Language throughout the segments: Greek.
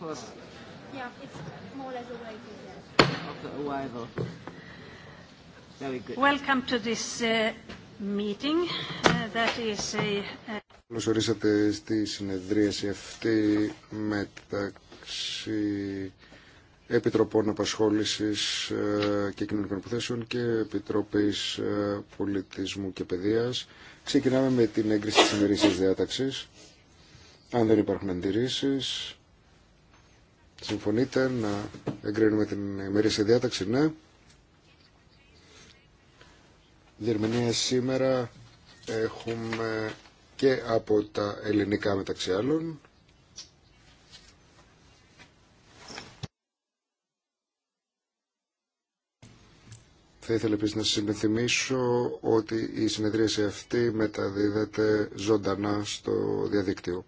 course. Uh, uh, uh, ορίσατε στη συνεδρίαση αυτή μεταξύ Επιτροπών Απασχόλησης ε, και Κοινωνικών Υποθέσεων και Επιτροπής ε, Πολιτισμού και Παιδείας. Ξεκινάμε με την έγκριση της ημερήσης διάταξης. Αν δεν υπάρχουν αντιρρήσεις, Συμφωνείτε να εγκρίνουμε την ημερήσια διάταξη, ναι. Διερμηνία σήμερα έχουμε και από τα ελληνικά μεταξύ άλλων. Θα ήθελα επίσης να σας υπενθυμίσω ότι η συνεδρίαση αυτή μεταδίδεται ζωντανά στο διαδίκτυο.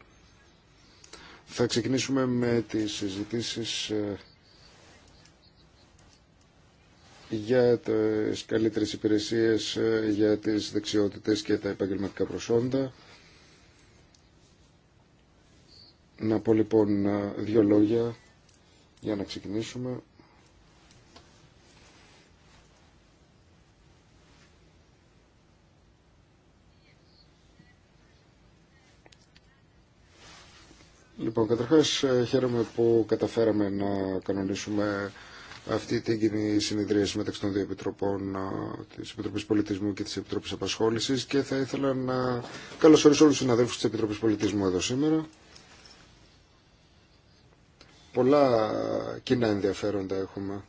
Θα ξεκινήσουμε με τις συζητήσεις ε, για τις καλύτερες υπηρεσίες, ε, για τις δεξιότητες και τα επαγγελματικά προσόντα. Να πω λοιπόν ε, δύο λόγια για να ξεκινήσουμε. Λοιπόν, καταρχάς ε, χαίρομαι που καταφέραμε να κανονίσουμε αυτή την κοινή συνεδρίαση μεταξύ των δύο επιτροπών ε, της Επιτροπής Πολιτισμού και της Επιτροπής Απασχόλησης και θα ήθελα να καλωσορίσω όλους τους συναδέλφους της Επιτροπής Πολιτισμού εδώ σήμερα. Πολλά κοινά ενδιαφέροντα έχουμε.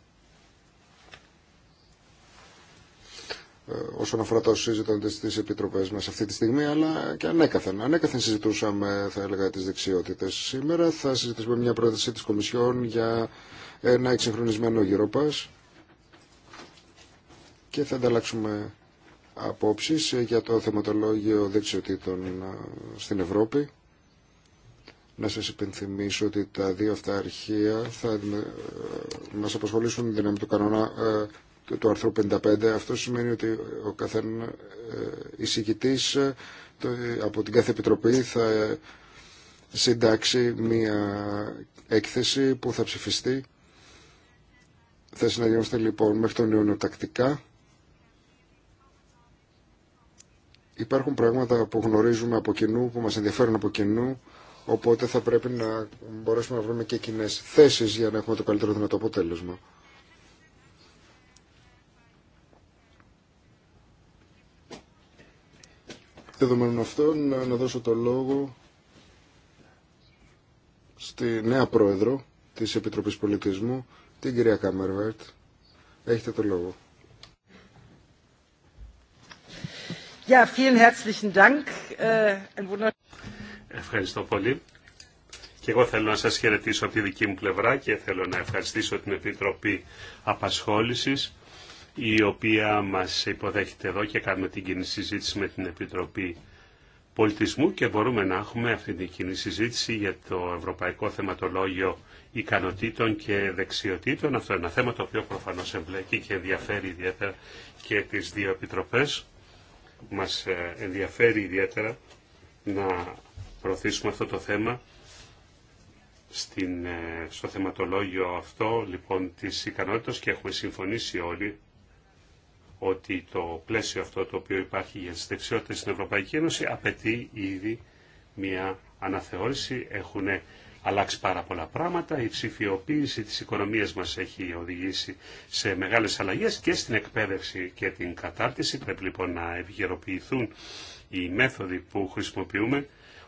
Ε, όσον αφορά το όσα συζητώνται στι επιτροπέ μα αυτή τη στιγμή, αλλά και ανέκαθεν. Ανέκαθεν συζητούσαμε, θα έλεγα, τι δεξιότητε. Σήμερα θα συζητήσουμε μια πρόταση τη Κομισιόν για ένα εξυγχρονισμένο πας και θα ανταλλάξουμε απόψεις για το θεματολόγιο δεξιοτήτων ε, στην Ευρώπη. Να σας υπενθυμίσω ότι τα δύο αυτά αρχεία θα ε, μας απασχολήσουν δυναμή του κανόνα το άρθρο 55, αυτό σημαίνει ότι ο καθένα ε, εισηγητή ε, από την κάθε επιτροπή θα συντάξει μία έκθεση που θα ψηφιστεί. Θα συναντιόμαστε λοιπόν μέχρι τον Ιούνιο τακτικά. Υπάρχουν πράγματα που γνωρίζουμε από κοινού, που μας ενδιαφέρουν από κοινού, οπότε θα πρέπει να μπορέσουμε να βρούμε και κοινέ θέσεις για να έχουμε το καλύτερο δυνατό αποτέλεσμα. Δεδομένων αυτών, να δώσω το λόγο στη νέα πρόεδρο της Επιτροπής Πολιτισμού, την κυρία Κάμερβερτ. Έχετε το λόγο. Ja, vielen herzlichen Dank. Äh, Ευχαριστώ πολύ. Και εγώ θέλω να σας χαιρετήσω από τη δική μου πλευρά και θέλω να ευχαριστήσω την Επιτροπή Απασχόλησης η οποία μας υποδέχεται εδώ και κάνουμε την κοινή συζήτηση με την Επιτροπή Πολιτισμού και μπορούμε να έχουμε αυτή την κοινή συζήτηση για το Ευρωπαϊκό Θεματολόγιο Ικανοτήτων και Δεξιοτήτων. Αυτό είναι ένα θέμα το οποίο προφανώς εμπλέκει και ενδιαφέρει ιδιαίτερα και τις δύο Επιτροπές. Μας ε, ενδιαφέρει ιδιαίτερα να προωθήσουμε αυτό το θέμα στην, ε, στο θεματολόγιο αυτό λοιπόν της ικανότητας και έχουμε συμφωνήσει όλοι ότι το πλαίσιο αυτό το οποίο υπάρχει για τις δεξιότητες στην Ευρωπαϊκή Ένωση απαιτεί ήδη μια αναθεώρηση. Έχουν αλλάξει πάρα πολλά πράγματα. Η ψηφιοποίηση της οικονομίας μας έχει οδηγήσει σε μεγάλες αλλαγές και στην εκπαίδευση και την κατάρτιση. Πρέπει λοιπόν να ευγεροποιηθούν οι μέθοδοι που χρησιμοποιούμε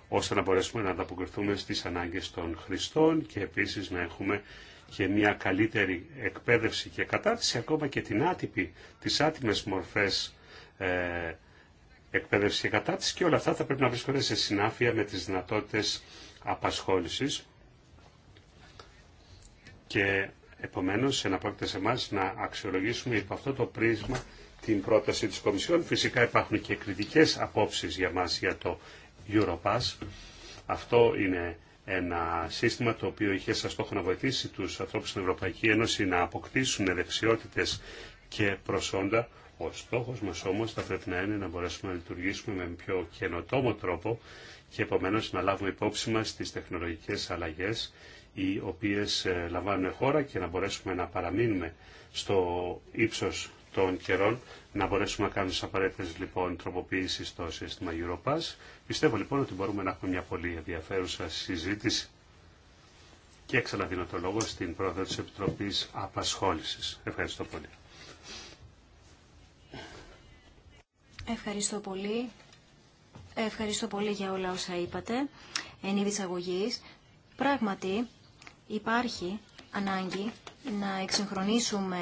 ώστε να μπορέσουμε να ανταποκριθούμε στις ανάγκες των χρηστών και επίσης να έχουμε και μια καλύτερη εκπαίδευση και κατάρτιση, ακόμα και την άτυπη, τις άτιμες μορφές ε, εκπαίδευση και κατάρτιση και όλα αυτά θα πρέπει να βρίσκονται σε συνάφεια με τις δυνατότητες απασχόλησης και επομένως εναπόκειται σε εμά να αξιολογήσουμε υπό αυτό το πρίσμα την πρόταση της Κομισιόν. Φυσικά υπάρχουν και κριτικές απόψεις για μας για το Europass. Αυτό είναι ένα σύστημα το οποίο είχε σαν στόχο να βοηθήσει τους ανθρώπους στην Ευρωπαϊκή Ένωση να αποκτήσουν δεξιότητες και προσόντα. Ο στόχος μας όμως θα πρέπει να είναι να μπορέσουμε να λειτουργήσουμε με πιο καινοτόμο τρόπο και επομένως να λάβουμε υπόψη μας τις τεχνολογικές αλλαγές οι οποίες ε, λαμβάνουν χώρα και να μπορέσουμε να παραμείνουμε στο ύψος των καιρών να μπορέσουμε να κάνουμε τι απαραίτητε λοιπόν τροποποίησει στο σύστημα Europass. Πιστεύω λοιπόν ότι μπορούμε να έχουμε μια πολύ ενδιαφέρουσα συζήτηση και ξαναδίνω το λόγο στην πρόεδρο τη Επιτροπής Απασχόλησης. Ευχαριστώ πολύ. Ευχαριστώ πολύ. Ευχαριστώ πολύ για όλα όσα είπατε εν είδη αγωγής. Πράγματι υπάρχει ανάγκη να εξυγχρονίσουμε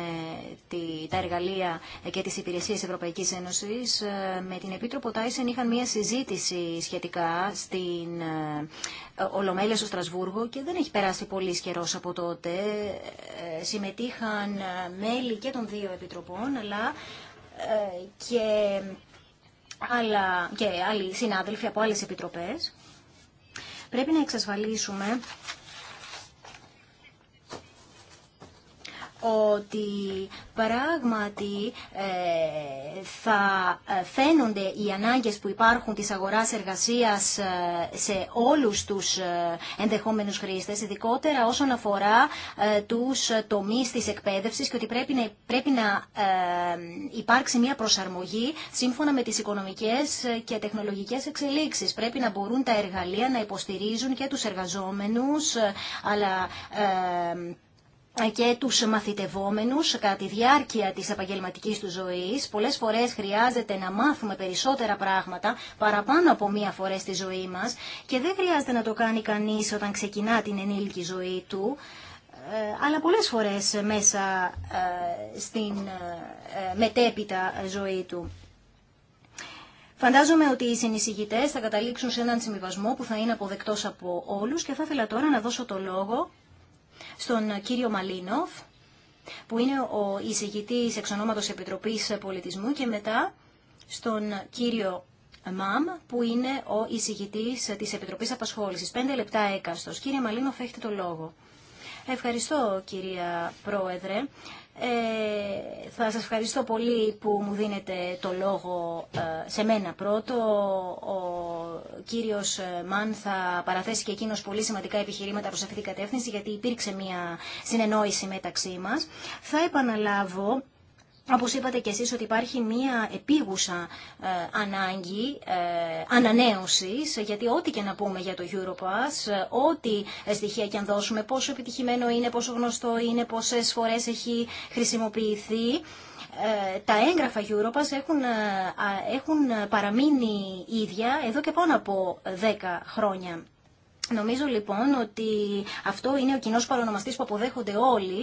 τα εργαλεία και τις υπηρεσίες Ευρωπαϊκής Ένωσης. Ε, με την Επίτροπο Τάισεν είχαν μία συζήτηση σχετικά στην ε, Ολομέλεια στο Στρασβούργο και δεν έχει περάσει πολύ καιρό από τότε. Ε, συμμετείχαν μέλη και των δύο επιτροπών, αλλά και, άλλα, και άλλοι συνάδελφοι από άλλες επιτροπές. Πρέπει να εξασφαλίσουμε ότι πράγματι ε, θα ε, φαίνονται οι ανάγκες που υπάρχουν της αγοράς εργασίας ε, σε όλους τους ενδεχόμενους χρήστες, ειδικότερα όσον αφορά τους τομείς της εκπαίδευσης και ότι πρέπει να, πρέπει να υπάρξει μια προσαρμογή σύμφωνα με τις οικονομικές και τεχνολογικές εξελίξεις. Πρέπει να μπορούν τα εργαλεία να υποστηρίζουν και τους εργαζόμενους, αλλά και τους μαθητευόμενους κατά τη διάρκεια της επαγγελματική του ζωής. Πολλές φορές χρειάζεται να μάθουμε περισσότερα πράγματα παραπάνω από μία φορά στη ζωή μας και δεν χρειάζεται να το κάνει κανείς όταν ξεκινά την ενήλικη ζωή του ε, αλλά πολλές φορές μέσα ε, στην ε, μετέπειτα ζωή του. Φαντάζομαι ότι οι συνεισηγητές θα καταλήξουν σε έναν συμβιβασμό που θα είναι αποδεκτός από όλους και θα ήθελα τώρα να δώσω το λόγο στον κύριο Μαλίνοφ, που είναι ο εισηγητής εξ ονόματος Επιτροπής Πολιτισμού και μετά στον κύριο ΜΑΜ, που είναι ο εισηγητής της Επιτροπής Απασχόλησης. Πέντε λεπτά έκαστος. Κύριε Μαλίνοφ, έχετε το λόγο. Ευχαριστώ, κυρία Πρόεδρε. Ε, θα σας ευχαριστώ πολύ που μου δίνετε το λόγο ε, σε μένα πρώτο. Ο κύριος ε, Μαν θα παραθέσει και εκείνος πολύ σημαντικά επιχειρήματα προς αυτή την κατεύθυνση γιατί υπήρξε μια συνεννόηση μεταξύ μας. Θα επαναλάβω όπως είπατε και εσείς ότι υπάρχει μία επίγουσα ε, ανάγκη ε, ανανέωσης, γιατί ό,τι και να πούμε για το Europass, ε, ό,τι στοιχεία και αν δώσουμε, πόσο επιτυχημένο είναι, πόσο γνωστό είναι, πόσες φορές έχει χρησιμοποιηθεί, τα έγγραφα Europass έχουν, έχουν παραμείνει ίδια εδώ και πάνω από 10 χρόνια. Νομίζω λοιπόν ότι αυτό είναι ο κοινό παρονομαστή που αποδέχονται όλοι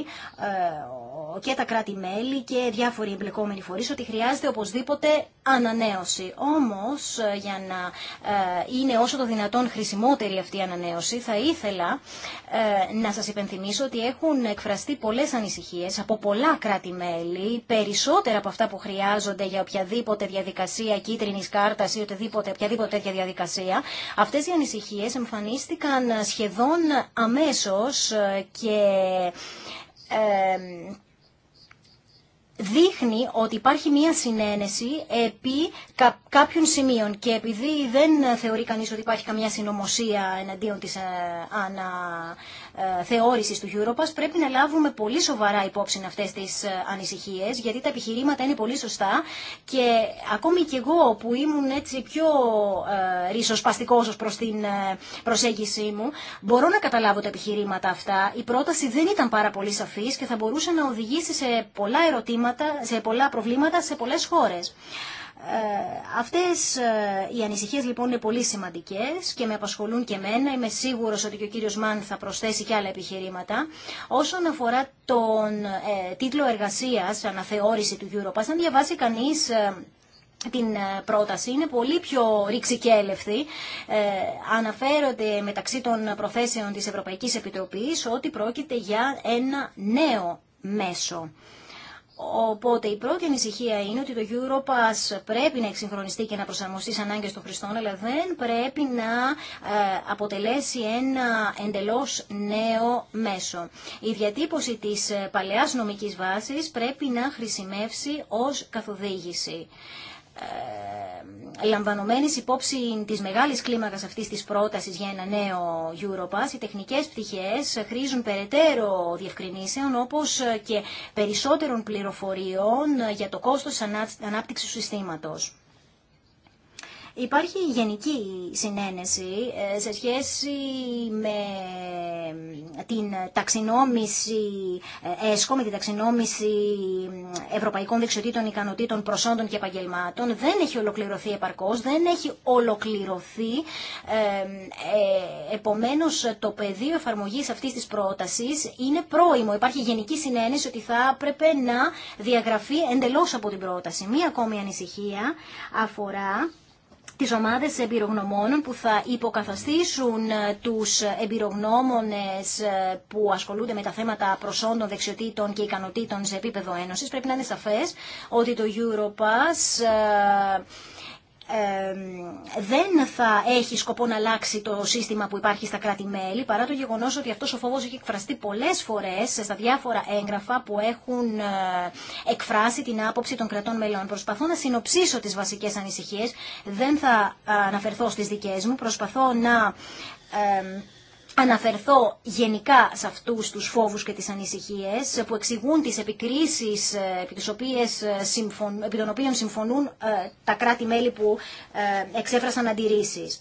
ε, και τα κράτη-μέλη και διάφοροι εμπλεκόμενοι φορεί ότι χρειάζεται οπωσδήποτε ανανέωση. Όμω ε, για να ε, είναι όσο το δυνατόν χρησιμότερη αυτή η ανανέωση θα ήθελα να σα υπενθυμίσω ότι έχουν εκφραστεί πολλέ ανησυχίε από πολλά κράτη-μέλη, περισσότερα από αυτά που χρειάζονται για οποιαδήποτε διαδικασία κίτρινη κάρτα ή οποιαδήποτε τέτοια διαδικασία. Αυτέ οι ανησυχίε εμφανίστηκαν εγκρίθηκαν σχεδόν αμέσως και ε, δείχνει ότι υπάρχει μία συνένεση επί κάποιων σημείων και επειδή δεν θεωρεί κανείς ότι υπάρχει καμία συνωμοσία εναντίον της ε, αναθεώρησης ε, του Europass πρέπει να λάβουμε πολύ σοβαρά υπόψη αυτές τις ε, ανησυχίες γιατί τα επιχειρήματα είναι πολύ σωστά και ακόμη και εγώ που ήμουν έτσι πιο ρίσοσπαστικός ως προς την προσέγγιση μου μπορώ να καταλάβω τα επιχειρήματα αυτά. Η πρόταση δεν ήταν πάρα πολύ σαφής και θα μπορούσε να οδηγήσει σε πολλά ερωτήματα σε πολλά προβλήματα σε πολλές χώρες. Ε, αυτές ε, οι ανησυχίες λοιπόν είναι πολύ σημαντικές και με απασχολούν και εμένα. Είμαι σίγουρος ότι και ο κύριος Μαν θα προσθέσει και άλλα επιχειρήματα. Όσον αφορά τον ε, τίτλο εργασίας, αναθεώρηση του Europass, αν διαβάσει κανείς ε, την πρόταση είναι πολύ πιο έλευθη. Ε, αναφέρονται μεταξύ των προθέσεων της Ευρωπαϊκής Επιτροπής ότι πρόκειται για ένα νέο μέσο. Οπότε η πρώτη ανησυχία είναι ότι το Ευρώπας πρέπει να εξυγχρονιστεί και να προσαρμοστεί στι ανάγκε των χρηστών, αλλά δεν πρέπει να ε, αποτελέσει ένα εντελώ νέο μέσο. Η διατύπωση της ε, παλαιάς νομική βάσης πρέπει να χρησιμεύσει ως καθοδήγηση. Ε, Λαμβανωμένη υπόψη της μεγάλης κλίμακας αυτής της πρότασης για ένα νέο Europass, οι τεχνικές πτυχές χρήζουν περαιτέρω διευκρινήσεων όπως και περισσότερων πληροφοριών για το κόστος ανάπτυξης του συστήματος. Υπάρχει γενική συνένεση ε, σε σχέση με ε, την ταξινόμηση ε, ΕΣΚΟ, την ταξινόμηση ευρωπαϊκών δεξιοτήτων, ικανοτήτων, προσόντων και επαγγελμάτων. Δεν έχει ολοκληρωθεί επαρκώς, δεν έχει ολοκληρωθεί. Επομένως, το πεδίο εφαρμογής αυτής της πρότασης είναι πρόημο. Υπάρχει γενική συνένεση ότι θα έπρεπε να διαγραφεί εντελώς από την πρόταση. Μία ακόμη ανησυχία αφορά τις ομάδε εμπειρογνωμόνων που θα υποκαθαστήσουν ε, τους εμπειρογνώμονε ε, που ασχολούνται με τα θέματα προσόντων, δεξιοτήτων και ικανοτήτων σε επίπεδο Ένωση. Πρέπει να είναι σαφέ ότι το Europass ε, δεν θα έχει σκοπό να αλλάξει το σύστημα που υπάρχει στα κράτη-μέλη, παρά το γεγονός ότι αυτός ο φόβος έχει εκφραστεί πολλές φορές στα διάφορα έγγραφα που έχουν ε, εκφράσει την άποψη των κρατών μελών. Προσπαθώ να συνοψίσω τις βασικές ανησυχίες, δεν θα ε, αναφερθώ στις δικές μου, προσπαθώ να αναφερθώ γενικά σε αυτούς τους φόβους και τις ανησυχίες που εξηγούν τις επικρίσεις ε, επί, τις ε, των οποίων συμφωνούν ε, τα κράτη-μέλη που εξέφρασαν αντιρρήσεις.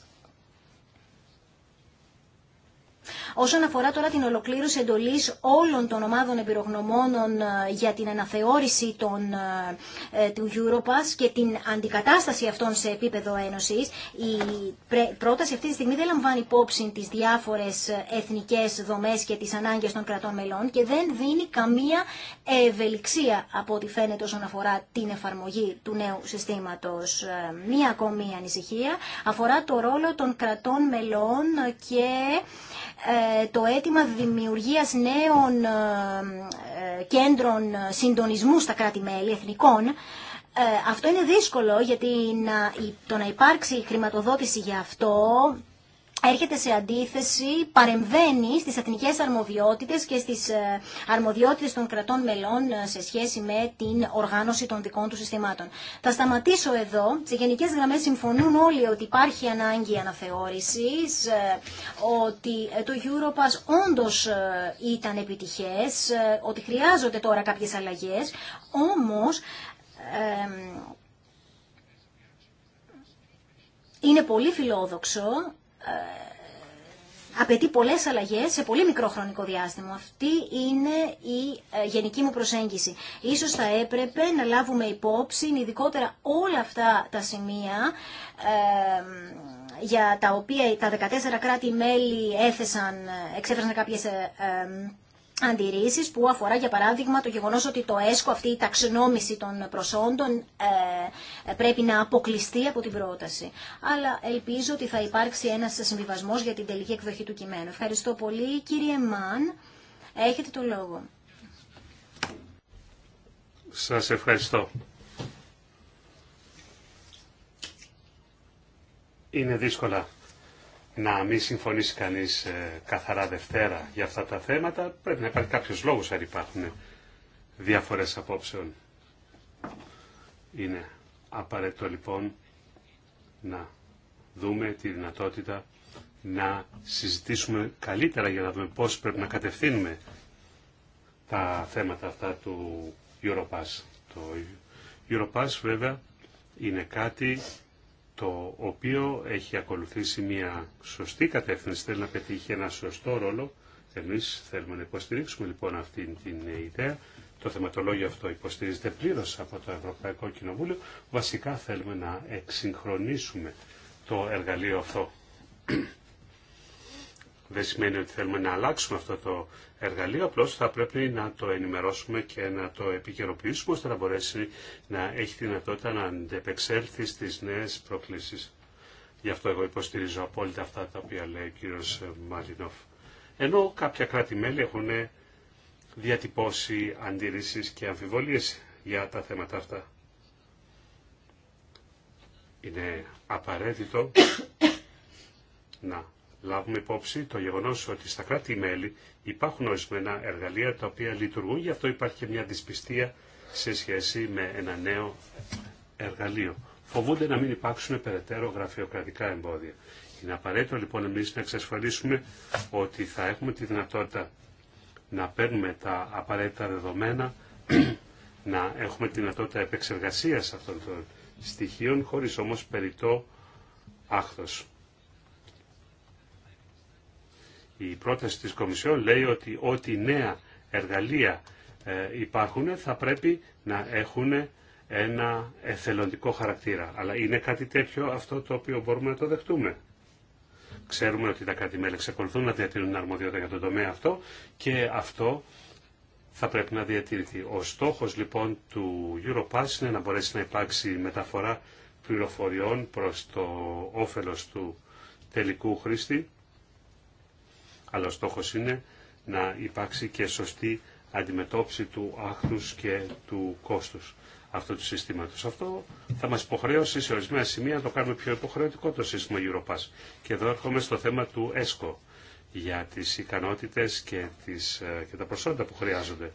Όσον αφορά τώρα την ολοκλήρωση εντολή όλων των ομάδων εμπειρογνωμόνων ε, για την αναθεώρηση των, ε, ε, του Europass και την αντικατάσταση αυτών σε επίπεδο Ένωση. η πρόταση αυτή τη στιγμή δεν λαμβάνει υπόψη τις διάφορες εθνικές δομές και τις ανάγκες των κρατών μελών και δεν δίνει καμία ευελιξία από ό,τι φαίνεται όσον αφορά την εφαρμογή του νέου συστήματο. Μία ακόμη ανησυχία αφορά το ρόλο των κρατών μελών και ε, το αίτημα δημιουργίας νέων ε, ε, κέντρων συντονισμού στα κράτη-μέλη εθνικών. Αυτό είναι δύσκολο γιατί το να υπάρξει χρηματοδότηση για αυτό έρχεται σε αντίθεση, παρεμβαίνει στις εθνικές αρμοδιότητες και στις ε, αρμοδιότητες των κρατών μελών ε, σε σχέση με την οργάνωση των δικών του συστημάτων. Θα σταματήσω εδώ. Σε γενικές γραμμές συμφωνούν όλοι ότι υπάρχει ανάγκη αναθεώρησης, ε, ότι το Europass όντως ήταν επιτυχές, ότι χρειάζονται τώρα κάποιες αλλαγές, όμως... Είναι πολύ φιλόδοξο ε, απαιτεί πολλές αλλαγές σε πολύ μικρό χρονικό διάστημα. Αυτή είναι η ε, γενική μου προσέγγιση. Ίσως θα έπρεπε να λάβουμε υπόψη, ειδικότερα όλα αυτά τα σημεία ε, για τα οποία τα 14 κράτη-μέλη έθεσαν, εξέφρασαν κάποιες αντιρρήσεις που αφορά για παράδειγμα το γεγονός ότι το ΕΣΚΟ, αυτή η ταξινόμηση των προσόντων ε, πρέπει να αποκλειστεί από την πρόταση. Αλλά ελπίζω ότι θα υπάρξει ένας συμβιβασμός για την τελική εκδοχή του κειμένου. Ευχαριστώ πολύ. Κύριε Μαν, έχετε το λόγο. Σας ευχαριστώ. Είναι δύσκολα να μην συμφωνήσει κανείς ε, καθαρά Δευτέρα για αυτά τα θέματα. Πρέπει να υπάρχει κάποιος λόγος αν υπάρχουν διαφορές απόψεων. Είναι απαραίτητο λοιπόν να δούμε τη δυνατότητα να συζητήσουμε καλύτερα για να δούμε πώς πρέπει να κατευθύνουμε τα θέματα αυτά του Europass. Το Europass βέβαια είναι κάτι το οποίο έχει ακολουθήσει μια σωστή κατεύθυνση, θέλει να πετύχει ένα σωστό ρόλο. Εμείς θέλουμε να υποστηρίξουμε λοιπόν αυτή την ιδέα. Το θεματολόγιο αυτό υποστηρίζεται πλήρως από το Ευρωπαϊκό Κοινοβούλιο. Βασικά θέλουμε να εξυγχρονίσουμε το εργαλείο αυτό δεν σημαίνει ότι θέλουμε να αλλάξουμε αυτό το εργαλείο, απλώ θα πρέπει να το ενημερώσουμε και να το επικαιροποιήσουμε ώστε να μπορέσει να έχει τη δυνατότητα να αντεπεξέλθει στι νέε προκλήσει. Γι' αυτό εγώ υποστηρίζω απόλυτα αυτά τα οποία λέει ο κύριο Μαρινόφ. Ενώ κάποια κράτη-μέλη έχουν διατυπώσει αντιρρήσει και αμφιβολίες για τα θέματα αυτά. Είναι απαραίτητο να λάβουμε υπόψη το γεγονό ότι στα κράτη-μέλη υπάρχουν ορισμένα εργαλεία τα οποία λειτουργούν, γι' αυτό υπάρχει και μια δυσπιστία σε σχέση με ένα νέο εργαλείο. Φοβούνται να μην υπάρξουν περαιτέρω γραφειοκρατικά εμπόδια. Είναι απαραίτητο λοιπόν εμεί να εξασφαλίσουμε ότι θα έχουμε τη δυνατότητα να παίρνουμε τα απαραίτητα δεδομένα, να έχουμε τη δυνατότητα επεξεργασία αυτών των στοιχείων, χωρί όμω περιττό άχθος. Η πρόταση της Κομισιόν λέει ότι ό,τι νέα εργαλεία ε, υπάρχουν θα πρέπει να έχουν ένα εθελοντικό χαρακτήρα. Αλλά είναι κάτι τέτοιο αυτό το οποίο μπορούμε να το δεχτούμε. Ξέρουμε ότι τα κράτη-μέλη εξακολουθούν να διατηρούν αρμοδιότητα για τον τομέα αυτό και αυτό θα πρέπει να διατηρηθεί. Ο στόχος λοιπόν του Europass είναι να μπορέσει να υπάρξει μεταφορά πληροφοριών προς το όφελος του τελικού χρήστη αλλά ο στόχος είναι να υπάρξει και σωστή αντιμετώπιση του άχθους και του κόστους αυτού του συστήματος. Αυτό θα μας υποχρέωσει σε ορισμένα σημεία να το κάνουμε πιο υποχρεωτικό το σύστημα Europass. Και εδώ έρχομαι στο θέμα του ΕΣΚΟ για τις ικανότητες και, τις, ε, και τα προσόντα που χρειάζονται.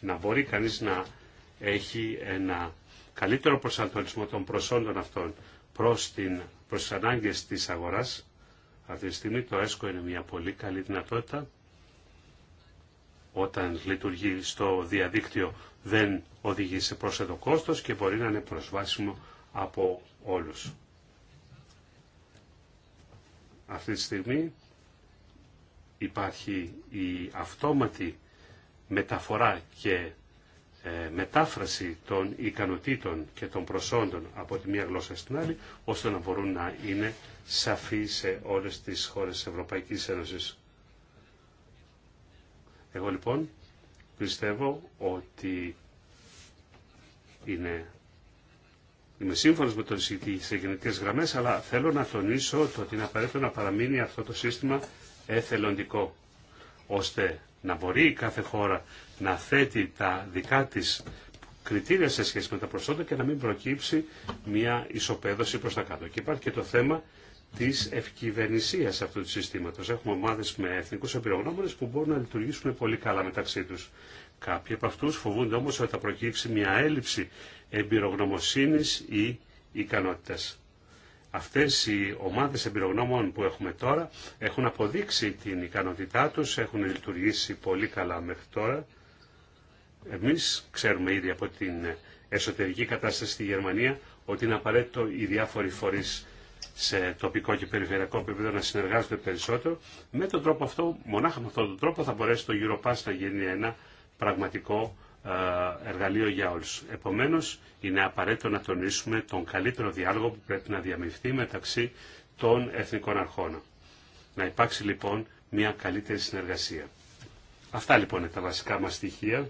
Να μπορεί κανείς να έχει ένα καλύτερο προσανατολισμό των προσόντων αυτών προς, την, προς τις ανάγκες της αγοράς αυτή τη στιγμή. Το ΕΣΚΟ είναι μια πολύ καλή δυνατότητα. Όταν λειτουργεί στο διαδίκτυο δεν οδηγεί σε πρόσθετο κόστος και μπορεί να είναι προσβάσιμο από όλους. Αυτή τη στιγμή υπάρχει η αυτόματη μεταφορά και ε, μετάφραση των ικανοτήτων και των προσόντων από τη μία γλώσσα στην άλλη, ώστε να μπορούν να είναι σαφή σε όλες τις χώρες της Ευρωπαϊκής Ένωσης. Εγώ λοιπόν πιστεύω ότι είναι... Είμαι σύμφωνος με τον εισηγητή σε γραμμές, αλλά θέλω να τονίσω το ότι είναι απαραίτητο να παραμείνει αυτό το σύστημα εθελοντικό, ώστε να μπορεί κάθε χώρα να θέτει τα δικά της κριτήρια σε σχέση με τα προσόντα και να μην προκύψει μια ισοπαίδωση προς τα κάτω. Και υπάρχει και το θέμα της ευκυβερνησίας αυτού του συστήματος. Έχουμε ομάδες με εθνικούς εμπειρογνώμονες που μπορούν να λειτουργήσουν πολύ καλά μεταξύ τους. Κάποιοι από αυτούς φοβούνται όμως ότι θα προκύψει μια έλλειψη εμπειρογνωμοσύνης ή ικανότητας. Αυτές οι ομάδες εμπειρογνώμων που έχουμε τώρα έχουν αποδείξει την ικανότητά τους, έχουν λειτουργήσει πολύ καλά μέχρι τώρα εμείς ξέρουμε ήδη από την εσωτερική κατάσταση στη Γερμανία ότι είναι απαραίτητο οι διάφοροι φορείς σε τοπικό και περιφερειακό επίπεδο να συνεργάζονται περισσότερο. Με τον τρόπο αυτό, μονάχα με αυτόν τον τρόπο θα μπορέσει το Europass να γίνει ένα πραγματικό ε, εργαλείο για όλους. Επομένως, είναι απαραίτητο να τονίσουμε τον καλύτερο διάλογο που πρέπει να διαμειφθεί μεταξύ των εθνικών αρχών. Να υπάρξει λοιπόν μια καλύτερη συνεργασία. Αυτά λοιπόν είναι τα βασικά μας στοιχεία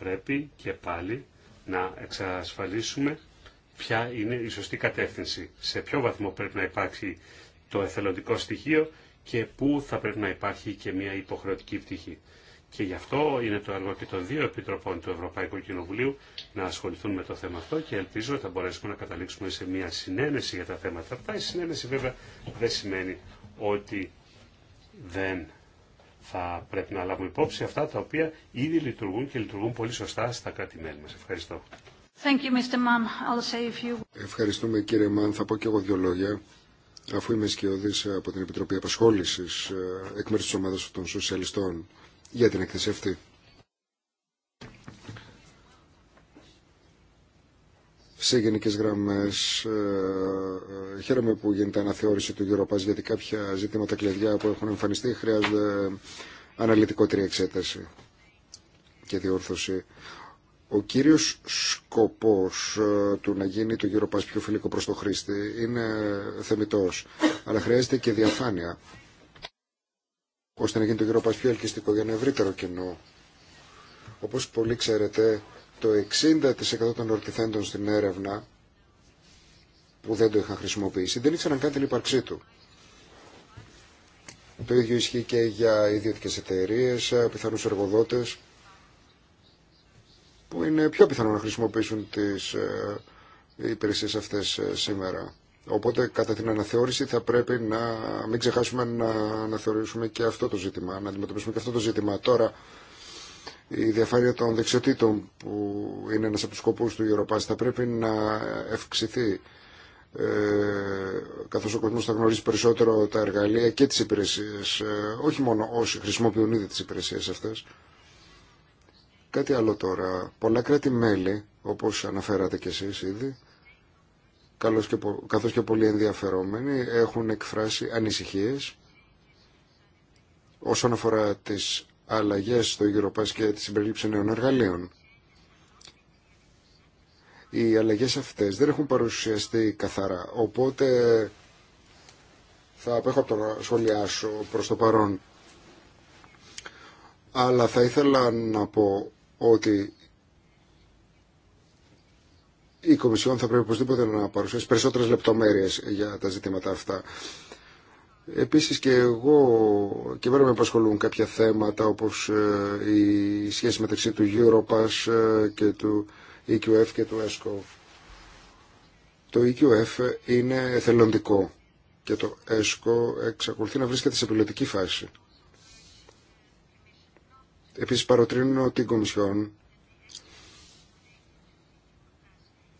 πρέπει και πάλι να εξασφαλίσουμε ποια είναι η σωστή κατεύθυνση, σε ποιο βαθμό πρέπει να υπάρχει το εθελοντικό στοιχείο και πού θα πρέπει να υπάρχει και μια υποχρεωτική πτυχή. Και γι' αυτό είναι το έργο και των δύο επιτροπών του Ευρωπαϊκού Κοινοβουλίου να ασχοληθούν με το θέμα αυτό και ελπίζω ότι θα μπορέσουμε να καταλήξουμε σε μια συνένεση για τα θέματα αυτά. Η συνένεση βέβαια δεν σημαίνει ότι δεν θα πρέπει να λάβουμε υπόψη αυτά τα οποία ήδη λειτουργούν και λειτουργούν πολύ σωστά στα κράτη-μέλη μας. Ευχαριστώ. Thank you, Mr. Mann. I'll you. Ευχαριστούμε κύριε Μαν. Θα πω και εγώ δύο λόγια. Αφού είμαι σκιώδης ε, από την Επιτροπή Απασχόλησης ε, εκ μέρους της ομάδας των Σοσιαλιστών για την εκθεσή αυτή. σε γενικές γραμμές ε, ε, χαίρομαι που γίνεται αναθεώρηση του Europass γιατί κάποια ζητήματα κλειδιά που έχουν εμφανιστεί χρειάζονται αναλυτικότερη εξέταση και διόρθωση. Ο κύριος σκοπός ε, του να γίνει το πας πιο φιλικό προς το χρήστη είναι θεμητός, αλλά χρειάζεται και διαφάνεια ώστε να γίνει το πας πιο ελκυστικό για ένα ευρύτερο κοινό. Όπως πολύ ξέρετε, το 60% των ορτιθέντων στην έρευνα που δεν το είχαν χρησιμοποιήσει δεν ήξεραν καν την ύπαρξή του. Το ίδιο ισχύει και για ιδιωτικές εταιρείε, πιθανού εργοδότες που είναι πιο πιθανό να χρησιμοποιήσουν τις ε, υπηρεσίες αυτές ε, σήμερα. Οπότε κατά την αναθεώρηση θα πρέπει να μην ξεχάσουμε να αναθεωρήσουμε και αυτό το ζήτημα, να αντιμετωπίσουμε και αυτό το ζήτημα. Τώρα η διαφάνεια των δεξιοτήτων που είναι ένας από τους σκοπούς του Europass θα πρέπει να ευξηθεί ε, καθώς ο κόσμος θα γνωρίζει περισσότερο τα εργαλεία και τις υπηρεσίες, ε, όχι μόνο όσοι χρησιμοποιούν ήδη τις υπηρεσίες αυτές. Κάτι άλλο τώρα. Πολλά κράτη-μέλη, όπως αναφέρατε κι εσείς ήδη, καθώς και, καθώς και πολλοί ενδιαφερόμενοι, έχουν εκφράσει ανησυχίες όσον αφορά τις αλλαγές στο Europass και τη συμπερίληψη νέων εργαλείων. Οι αλλαγές αυτές δεν έχουν παρουσιαστεί καθαρά, οπότε θα απέχω από το να σχολιάσω προς το παρόν. Αλλά θα ήθελα να πω ότι η Κομισιόν θα πρέπει οπωσδήποτε να παρουσιάσει περισσότερες λεπτομέρειες για τα ζητήματα αυτά. Επίσης και εγώ και μέρα με απασχολούν κάποια θέματα όπως ε, η σχέση μεταξύ του Europass ε, και του EQF και του ESCO. Το EQF είναι εθελοντικό και το ESCO εξακολουθεί να βρίσκεται σε πιλωτική φάση. Επίσης παροτρύνω την Κομισιόν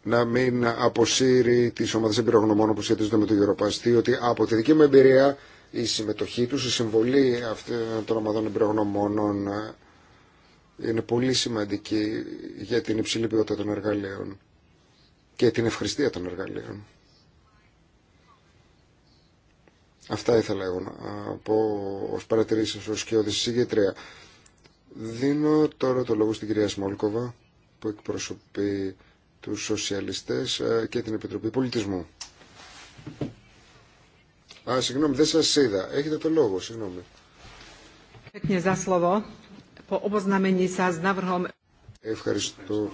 να μην αποσύρει τι ομάδε εμπειρογνωμών που σχετίζονται με το Europass, ότι από τη δική μου εμπειρία η συμμετοχή του, η συμβολή αυτών των ομάδων εμπειρογνωμόνων ε, είναι πολύ σημαντική για την υψηλή ποιότητα των εργαλείων και την ευχρηστία των εργαλείων. Αυτά ήθελα εγώ να πω ω παρατηρήσεις ω και Δίνω τώρα το λόγο στην κυρία Σμόλκοβα που εκπροσωπεί τους σοσιαλιστές ε, και την Επιτροπή Πολιτισμού. Α, συγγνώμη, δεν σας είδα. Έχετε το λόγο, συγγνώμη. Ευχαριστώ. Ευχαριστώ.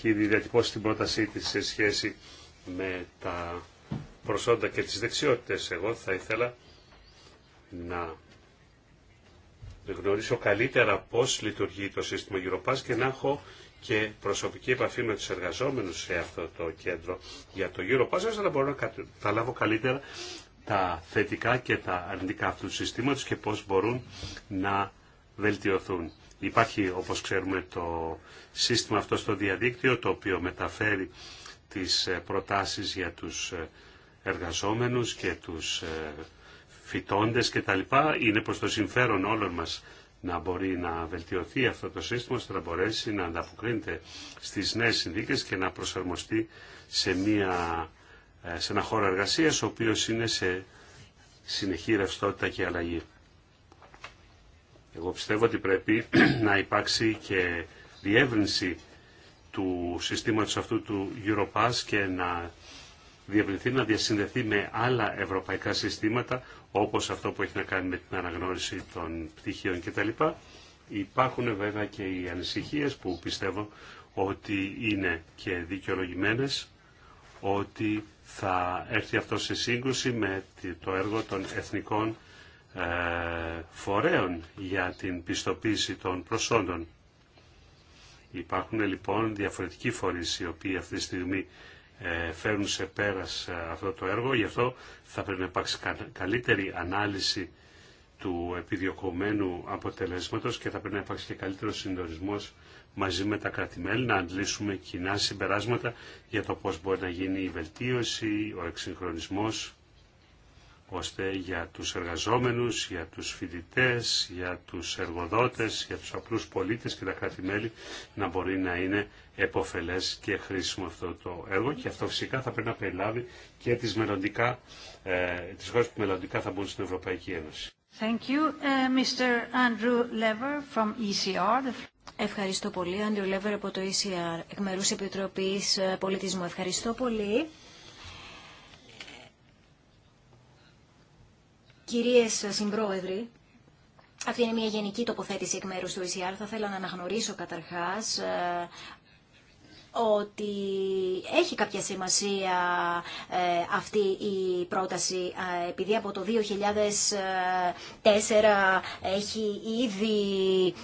Έχει διατυπώσει την πρότασή της σε σχέση με τα προσόντα και τις δεξιότητες. Εγώ θα ήθελα να γνωρίσω καλύτερα πώς λειτουργεί το σύστημα Europass και να έχω και προσωπική επαφή με τους εργαζόμενους σε αυτό το κέντρο για το Europass, ώστε να μπορώ να καταλάβω καλύτερα τα θετικά και τα αρνητικά αυτού του συστήματος και πώς μπορούν να βελτιωθούν. Υπάρχει, όπως ξέρουμε, το σύστημα αυτό στο διαδίκτυο, το οποίο μεταφέρει τις ε, προτάσεις για τους ε, εργαζόμενους και τους ε, φυτώντες λοιπά Είναι προς το συμφέρον όλων μας να μπορεί να βελτιωθεί αυτό το σύστημα ώστε να μπορέσει να ανταποκρίνεται στις νέες συνθήκες και να προσαρμοστεί σε, μια, ε, σε ένα χώρο εργασίας ο οποίος είναι σε συνεχή ρευστότητα και αλλαγή. Εγώ πιστεύω ότι πρέπει να υπάρξει και διεύρυνση του συστήματος αυτού του Europass και να διευρυνθεί, να διασυνδεθεί με άλλα ευρωπαϊκά συστήματα, όπως αυτό που έχει να κάνει με την αναγνώριση των πτυχίων κτλ. Υπάρχουν βέβαια και οι ανησυχίες που πιστεύω ότι είναι και δικαιολογημένε ότι θα έρθει αυτό σε σύγκρουση με το έργο των εθνικών ε, φορέων για την πιστοποίηση των προσόντων. Υπάρχουν λοιπόν διαφορετικοί φορείς οι οποίοι αυτή τη στιγμή ε, φέρνουν σε πέρας ε, αυτό το έργο. Γι' αυτό θα πρέπει να υπάρξει καλύτερη ανάλυση του επιδιωκομένου αποτελέσματος και θα πρέπει να υπάρξει και καλύτερο συντονισμός μαζί με τα κρατημέλη να αντλήσουμε κοινά συμπεράσματα για το πώς μπορεί να γίνει η βελτίωση, ο εξυγχρονισμός ώστε για τους εργαζόμενους, για τους φοιτητές, για τους εργοδότες, για τους απλούς πολίτες και τα κράτη-μέλη να μπορεί να είναι εποφελές και χρήσιμο αυτό το έργο και αυτό φυσικά θα πρέπει να περιλάβει και τις, μελλοντικά, ε, τις χώρες που μελλοντικά θα μπουν στην Ευρωπαϊκή Ένωση. Thank you, ε, Mr. Andrew Lever from ECR. Ευχαριστώ πολύ, Andrew Lever από το ECR, εκ Επιτροπής ε, Πολιτισμού. Ευχαριστώ πολύ. Κυρίες Συμπρόεδροι, αυτή είναι μια γενική τοποθέτηση εκ μέρους του ΕΣΥΑΡ. E Θα ήθελα να αναγνωρίσω καταρχάς ε, ότι έχει κάποια σημασία ε, αυτή η πρόταση ε, επειδή από το 2004 έχει ήδη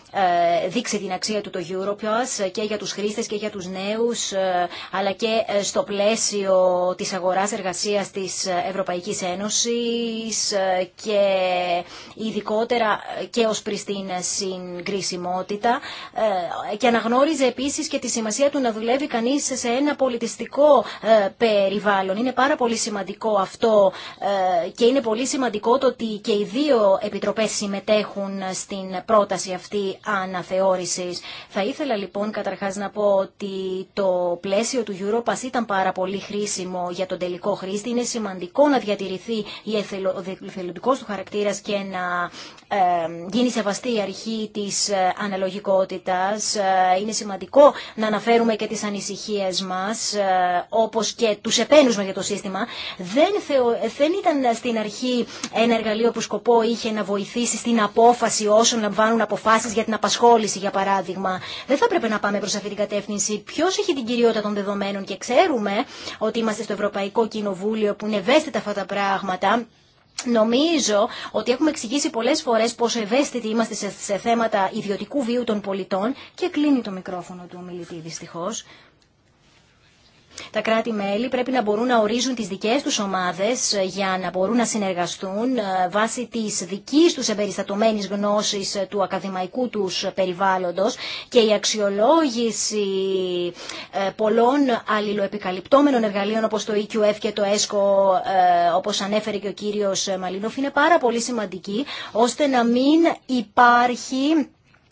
ε, δείξει την αξία του το Europass και για τους χρήστες και για τους νέους αλλά και στο πλαίσιο της αγοράς εργασίας της Ευρωπαϊκής Ένωσης και ειδικότερα και ως πριστήν συγκρισιμότητα και αναγνώριζε επίσης και τη σημασία του να δουλεύει δουλεύει κανείς σε ένα πολιτιστικό ε, περιβάλλον. Είναι πάρα πολύ σημαντικό αυτό ε, και είναι πολύ σημαντικό το ότι και οι δύο επιτροπές συμμετέχουν στην πρόταση αυτή αναθεώρησης. Θα ήθελα λοιπόν καταρχάς να πω ότι το πλαίσιο του Europass ήταν πάρα πολύ χρήσιμο για τον τελικό χρήστη. Είναι σημαντικό να διατηρηθεί η εθελοντικός του χαρακτήρας και να ε, γίνει σεβαστή η αρχή της αναλογικότητας. Είναι σημαντικό να αναφέρουμε και τις ανησυχίες μας, ε, όπως και τους επένους μας για το σύστημα, δεν, δεν ήταν στην αρχή ένα εργαλείο που σκοπό είχε να βοηθήσει στην απόφαση όσων λαμβάνουν αποφάσεις για την απασχόληση, για παράδειγμα. Δεν θα πρέπει να πάμε προς αυτή την κατεύθυνση. Ποιο έχει την κυριότητα των δεδομένων και ξέρουμε ότι είμαστε στο Ευρωπαϊκό Κοινοβούλιο που είναι ευαίσθητα αυτά τα πράγματα Νομίζω ότι έχουμε εξηγήσει πολλέ φορέ πόσο ευαίσθητοι είμαστε σε θέματα ιδιωτικού βίου των πολιτών και κλείνει το μικρόφωνο του ομιλητή δυστυχώ. Τα κράτη-μέλη πρέπει να μπορούν να ορίζουν τις δικές τους ομάδες ε, για να μπορούν να συνεργαστούν ε, βάσει της δικής τους εμπεριστατωμένης γνώσης ε, του ακαδημαϊκού τους περιβάλλοντος και η αξιολόγηση πολλών αλληλοεπικαλυπτόμενων εργαλείων όπως το EQF και το ESCO όπως ανέφερε και ο κύριος Μαλίνοφ είναι πάρα πολύ σημαντική ώστε να μην υπάρχει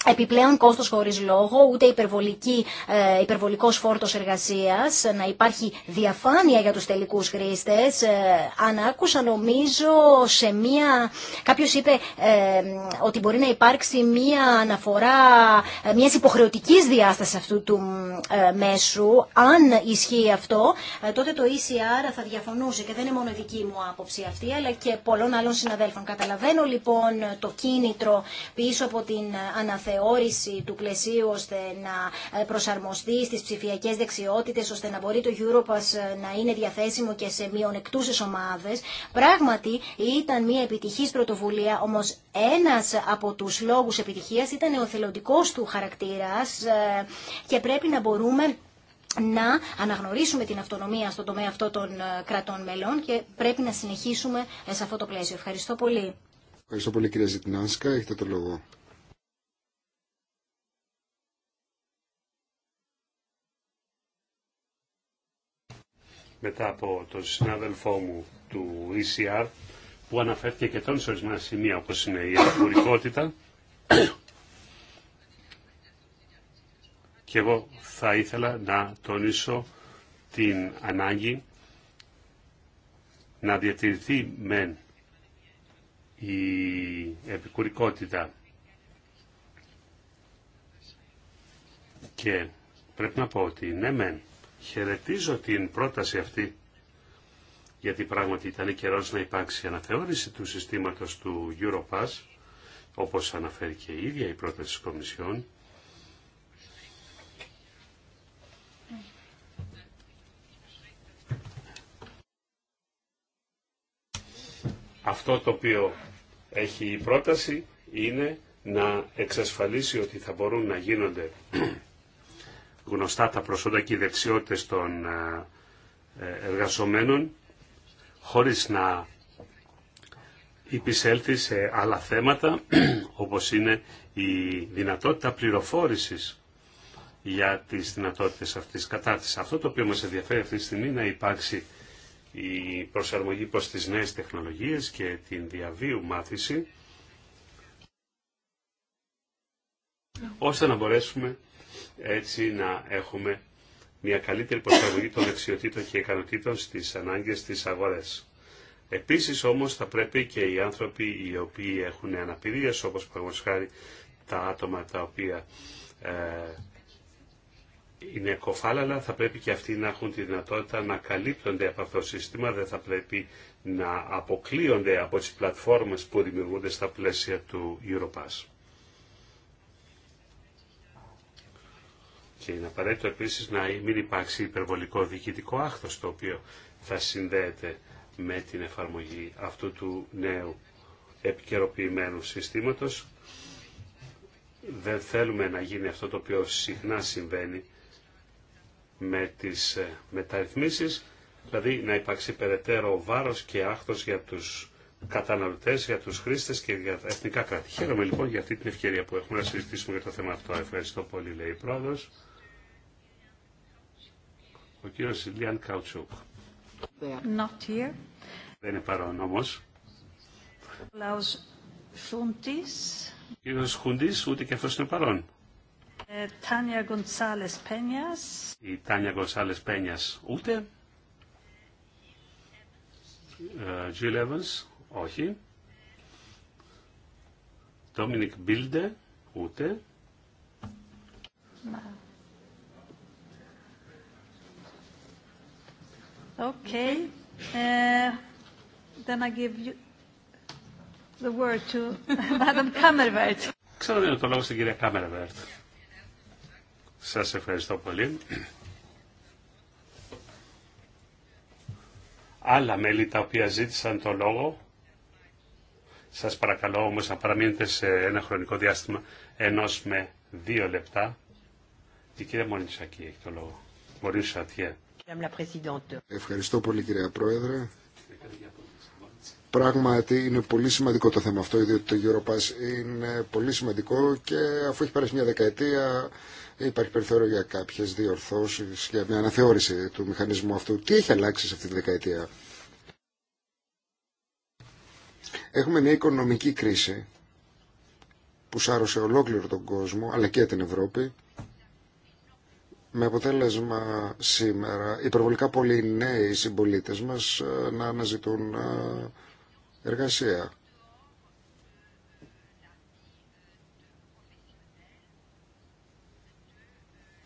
επιπλέον κόστος χωρίς λόγο, ούτε υπερβολική, ε, υπερβολικός φόρτος εργασίας, να υπάρχει διαφάνεια για τους τελικούς χρήστες. Ε, αν άκουσα νομίζω σε μία... Κάποιος είπε ε, ότι μπορεί να υπάρξει μία αναφορά ε, μιας υποχρεωτικής διάστασης αυτού του μέσου. Αν ισχύει αυτό, τότε το ECR θα διαφωνούσε και δεν είναι μόνο η δική μου άποψη αυτή, αλλά και πολλών άλλων συναδέλφων. Καταλαβαίνω λοιπόν το κίνητρο πίσω από την αναθέτηση θεώρηση του πλαισίου ώστε να ε, προσαρμοστεί στι ψηφιακέ δεξιότητε, ώστε να μπορεί το Europass ε, να είναι διαθέσιμο και σε μειονεκτούσες ομάδε. Πράγματι ήταν μια επιτυχής πρωτοβουλία, όμω ένα από του λόγου επιτυχία ήταν ο θελοντικό του χαρακτήρα. Ε, και πρέπει να μπορούμε να αναγνωρίσουμε την αυτονομία στον τομέα αυτό των κρατών μελών και πρέπει να συνεχίσουμε σε αυτό το πλαίσιο. Ευχαριστώ πολύ. Ευχαριστώ πολύ κυρία Ζητνάσκα. Έχετε το λόγο. μετά από τον συνάδελφό μου του ECR που αναφέρθηκε και τόνισε ορισμένα σημεία όπως είναι η επικουρικότητα και εγώ θα ήθελα να τονίσω την ανάγκη να διατηρηθεί μεν η επικουρικότητα και πρέπει να πω ότι ναι μεν Χαιρετίζω την πρόταση αυτή, γιατί πράγματι ήταν καιρό να υπάρξει αναθεώρηση του συστήματος του Europass, όπως αναφέρει και η ίδια η πρόταση της Κομισιόν, αυτό το οποίο έχει η πρόταση είναι να εξασφαλίσει ότι θα μπορούν να γίνονται γνωστά τα προσόντα και οι δεξιότητες των ε, ε, εργαζομένων χωρίς να υπησέλθει σε άλλα θέματα όπως είναι η δυνατότητα πληροφόρησης για τις δυνατότητες αυτής της κατάρτισης. Αυτό το οποίο μας ενδιαφέρει αυτή τη στιγμή να υπάρξει η προσαρμογή προς τις νέες τεχνολογίες και την διαβίου μάθηση ώστε να μπορέσουμε έτσι να έχουμε μια καλύτερη προσαρμογή των δεξιοτήτων και ικανοτήτων στις ανάγκες της αγορές. Επίσης όμως θα πρέπει και οι άνθρωποι οι οποίοι έχουν αναπηρίες όπως χάρη, τα άτομα τα οποία ε, είναι κοφάλαλα, θα πρέπει και αυτοί να έχουν τη δυνατότητα να καλύπτονται από αυτό το σύστημα, δεν θα πρέπει να αποκλείονται από τις πλατφόρμες που δημιουργούνται στα πλαίσια του Europass. Και είναι απαραίτητο επίση να μην υπάρξει υπερβολικό διοικητικό άχθο το οποίο θα συνδέεται με την εφαρμογή αυτού του νέου επικαιροποιημένου συστήματο, Δεν θέλουμε να γίνει αυτό το οποίο συχνά συμβαίνει με τις ε, μεταρρυθμίσεις, δηλαδή να υπάρξει περαιτέρω βάρος και άχθος για τους καταναλωτές, για τους χρήστες και για τα εθνικά κράτη. Χαίρομαι λοιπόν για αυτή την ευκαιρία που έχουμε να συζητήσουμε για το θέμα αυτό. Ευχαριστώ πολύ, λέει η πρόεδρος. Ο κύριος Ιλίαν Καουτσούκ. Δεν είναι παρόν όμως. Λαος Χούντις. Ο κύριος Χούντις ούτε και αυτός είναι παρόν. Ε, Τάνια Γκονσάλες Πένιας. Η Τάνια Γκονσάλες Πένιας ούτε. Τζιλ ε, Evans, όχι. Τομινικ Μπίλντε, ούτε. Okay. Uh, then I give you the word to Madam Kammerwert. Ξαναδίνω το λόγο στην κυρία Κάμερβερτ. Σας ευχαριστώ πολύ. Άλλα μέλη τα οποία ζήτησαν το λόγο, σας παρακαλώ όμως να παραμείνετε σε ένα χρονικό διάστημα ενός με δύο λεπτά. Η κυρία Μονισακή έχει το λόγο. Μονισακή. Ευχαριστώ πολύ κυρία Πρόεδρε. Πράγματι είναι πολύ σημαντικό το θέμα αυτό, διότι το Europass είναι πολύ σημαντικό και αφού έχει περάσει μια δεκαετία υπάρχει περιθώριο για κάποιες διορθώσεις, για μια αναθεώρηση του μηχανισμού αυτού. Τι έχει αλλάξει σε αυτή τη δεκαετία. Έχουμε μια οικονομική κρίση που σάρωσε ολόκληρο τον κόσμο, αλλά και την Ευρώπη με αποτέλεσμα σήμερα υπερβολικά πολλοί νέοι συμπολίτες μας ε, να αναζητούν ε, εργασία.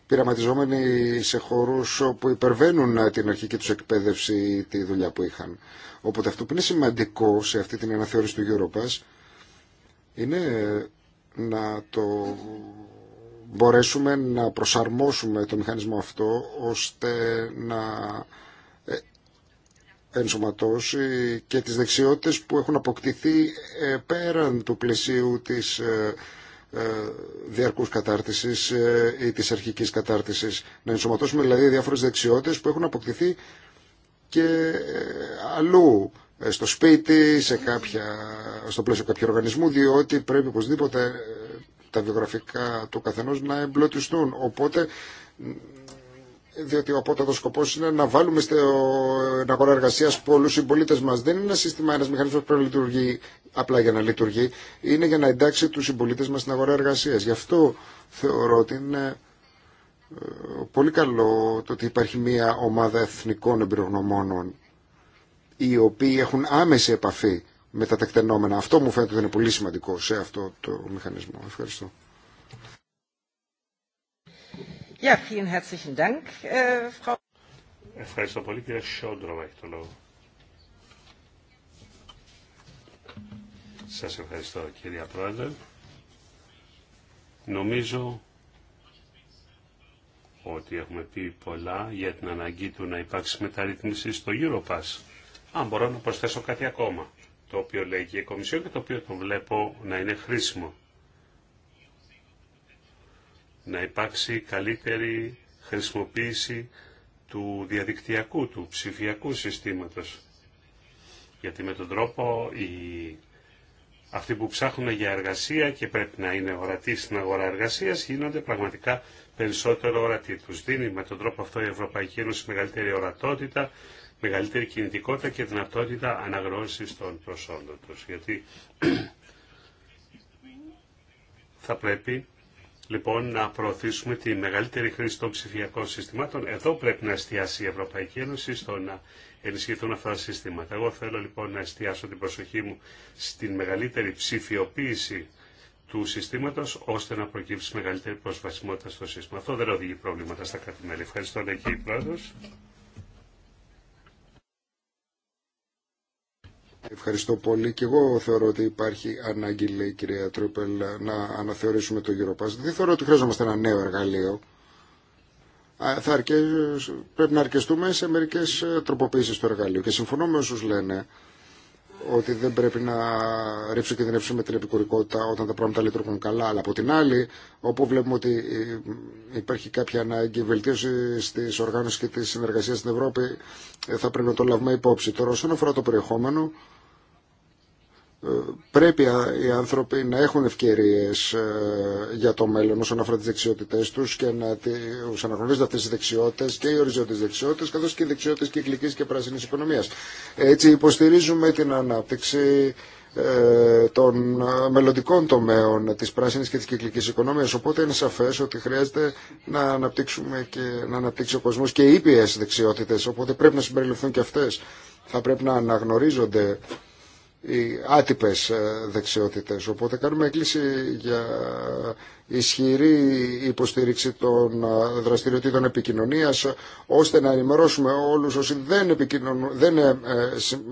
πειραματιζόμενοι σε χώρους όπου υπερβαίνουν ε, την αρχική τους εκπαίδευση ή τη δουλειά που είχαν. Οπότε αυτό που είναι σημαντικό σε αυτή την αναθεώρηση του Europass είναι να το μπορέσουμε να προσαρμόσουμε το μηχανισμό αυτό ώστε να ε, ενσωματώσει και τις δεξιότητες που έχουν αποκτηθεί ε, πέραν του πλαισίου της ε, διαρκούς κατάρτισης ή της αρχικής κατάρτισης. Να ενσωματώσουμε δηλαδή διάφορες δεξιότητες που έχουν αποκτηθεί και αλλού στο σπίτι, σε κάποια, στο πλαίσιο κάποιου οργανισμού, διότι πρέπει οπωσδήποτε τα βιογραφικά του καθενός να εμπλωτιστούν. Οπότε διότι ο απότατο σκοπό είναι να βάλουμε στην αγορά εργασία πολλού συμπολίτε μα. Δεν είναι ένα σύστημα, ένα μηχανισμό που πρέπει να λειτουργεί απλά για να λειτουργεί. Είναι για να εντάξει του συμπολίτε μα στην αγορά εργασία. Γι' αυτό θεωρώ ότι είναι ε, πολύ καλό το ότι υπάρχει μια ομάδα εθνικών εμπειρογνωμόνων οι οποίοι έχουν άμεση επαφή με τα τεκτενόμενα. Αυτό μου φαίνεται ότι είναι πολύ σημαντικό σε αυτό το μηχανισμό. Ευχαριστώ. Ja, vielen herzlichen Dank, äh, Frau. Ευχαριστώ πολύ, κύριε Σόντροβα, έχει το λόγο. Σας ευχαριστώ, κυρία Πρόεδρε. Νομίζω ότι έχουμε πει πολλά για την αναγκή του να υπάρξει μεταρρύθμιση στο Europass. Αν μπορώ να προσθέσω κάτι ακόμα το οποίο λέει και η Κομισιόν και το οποίο το βλέπω να είναι χρήσιμο. Να υπάρξει καλύτερη χρησιμοποίηση του διαδικτυακού, του ψηφιακού συστήματος. Γιατί με τον τρόπο οι... αυτοί που ψάχνουν για εργασία και πρέπει να είναι ορατοί στην αγορά εργασίας γίνονται πραγματικά περισσότερο ορατοί. Τους δίνει με τον τρόπο αυτό η Ευρωπαϊκή Ένωση μεγαλύτερη ορατότητα, μεγαλύτερη κινητικότητα και δυνατότητα αναγνώρισης των προσόντων τους. Γιατί θα πρέπει λοιπόν να προωθήσουμε τη μεγαλύτερη χρήση των ψηφιακών συστημάτων. Εδώ πρέπει να εστιάσει η Ευρωπαϊκή Ένωση στο να ενισχυθούν αυτά τα συστήματα. Εγώ θέλω λοιπόν να εστιάσω την προσοχή μου στην μεγαλύτερη ψηφιοποίηση του συστήματο ώστε να προκύψει μεγαλύτερη προσβασιμότητα στο σύστημα. Αυτό δεν οδηγεί προβλήματα στα κρατη Ευχαριστώ, Νέκη πρόεδρο. Ευχαριστώ πολύ και εγώ θεωρώ ότι υπάρχει ανάγκη, λέει η κυρία Τρούπελ, να αναθεωρήσουμε το Europass. Δεν θεωρώ ότι χρειαζόμαστε ένα νέο εργαλείο. Θα Πρέπει να αρκεστούμε σε μερικές ε, τροποποίησεις του εργαλείου και συμφωνώ με όσους λένε ότι δεν πρέπει να ρίψω και δεν με την επικουρικότητα όταν τα πράγματα λειτουργούν καλά. Αλλά από την άλλη, όπου βλέπουμε ότι ε, υπάρχει κάποια ανάγκη βελτίωση τη οργάνωση και τη συνεργασία στην Ευρώπη, ε, θα πρέπει να το λάβουμε υπόψη. Τώρα, όσον αφορά το περιεχόμενο, πρέπει οι άνθρωποι να έχουν ευκαιρίες ε, για το μέλλον όσον αφορά τις δεξιότητές τους και να τους αναγνωρίζονται αυτές τις δεξιότητες και οι οριζόντιες δεξιότητες καθώς και οι δεξιότητες κυκλικής και πράσινης οικονομίας. Έτσι υποστηρίζουμε την ανάπτυξη ε, των ε, μελλοντικών τομέων της πράσινης και της κυκλικής οικονομίας. Οπότε είναι σαφές ότι χρειάζεται να αναπτύξουμε και να αναπτύξει ο κόσμος και οι ήπιες δεξιότητες. Οπότε πρέπει να συμπεριληφθούν και αυτές. Θα πρέπει να αναγνωρίζονται οι άτυπες ε, δεξιότητες. Οπότε κάνουμε έκκληση για ισχυρή υποστήριξη των ε, δραστηριοτήτων επικοινωνίας ώστε να ενημερώσουμε όλους όσοι δεν, δεν ε,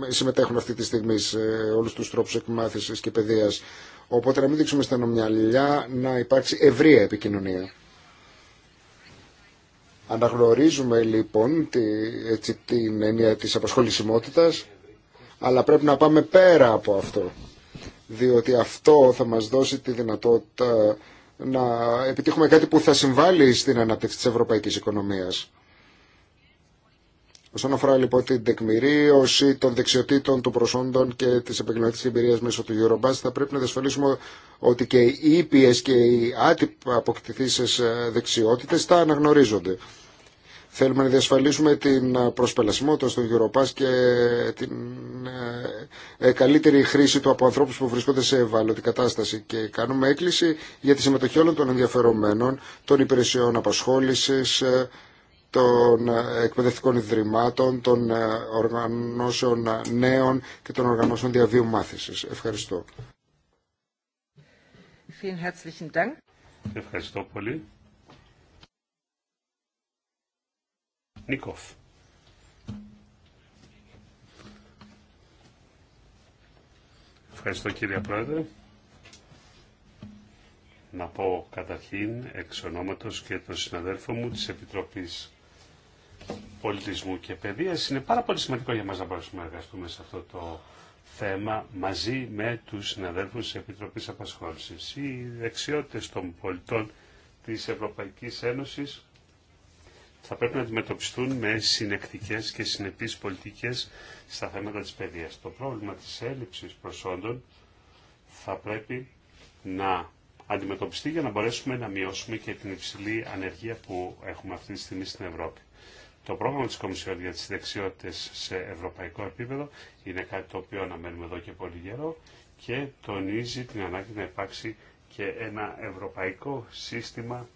συμμετέχουν αυτή τη στιγμή σε όλους τους τρόπους εκμάθησης και παιδείας. Οπότε να μην δείξουμε στενομυαλιά να υπάρξει ευρεία επικοινωνία. Αναγνωρίζουμε λοιπόν τη, έτσι, την έννοια της απασχολησιμότητας αλλά πρέπει να πάμε πέρα από αυτό, διότι αυτό θα μας δώσει τη δυνατότητα να επιτύχουμε κάτι που θα συμβάλλει στην ανάπτυξη της ευρωπαϊκής οικονομίας. Όσον αφορά λοιπόν την τεκμηρίωση των δεξιοτήτων του προσόντων και τη επαγγελματική εμπειρία μέσω του Eurobus, θα πρέπει να διασφαλίσουμε ότι και οι ήπιε και οι άτυπα αποκτηθήσει δεξιότητε θα αναγνωρίζονται. Θέλουμε να διασφαλίσουμε την ε, προσπελασιμότητα στον Europass και την ε, ε, καλύτερη χρήση του από ανθρώπους που βρισκόνται σε ευάλωτη κατάσταση και κάνουμε έκκληση για τη συμμετοχή όλων των ενδιαφερομένων, των υπηρεσιών απασχόλησης, των εκπαιδευτικών ιδρυμάτων, των οργανώσεων νέων και των οργανώσεων διαβίου μάθησης. Ευχαριστώ. Ευχαριστώ πολύ. Νίκοφ. Ευχαριστώ κύριε Πρόεδρε. Να πω καταρχήν εξ ονόματος και των συναδέλφων μου της Επιτροπής Πολιτισμού και Παιδείας. Είναι πάρα πολύ σημαντικό για μας να μπορέσουμε να εργαστούμε σε αυτό το θέμα μαζί με τους συναδέλφους της Επιτροπής Απασχόλησης. Οι δεξιότητες των πολιτών της Ευρωπαϊκής Ένωσης θα πρέπει να αντιμετωπιστούν με συνεκτικές και συνεπείς πολιτικές στα θέματα της παιδείας. Το πρόβλημα της έλλειψης προσόντων θα πρέπει να αντιμετωπιστεί για να μπορέσουμε να μειώσουμε και την υψηλή ανεργία που έχουμε αυτή τη στιγμή στην Ευρώπη. Το πρόγραμμα της Κομισιόν για τις δεξιότητες σε ευρωπαϊκό επίπεδο είναι κάτι το οποίο αναμένουμε εδώ και πολύ καιρό και τονίζει την ανάγκη να υπάρξει και ένα ευρωπαϊκό σύστημα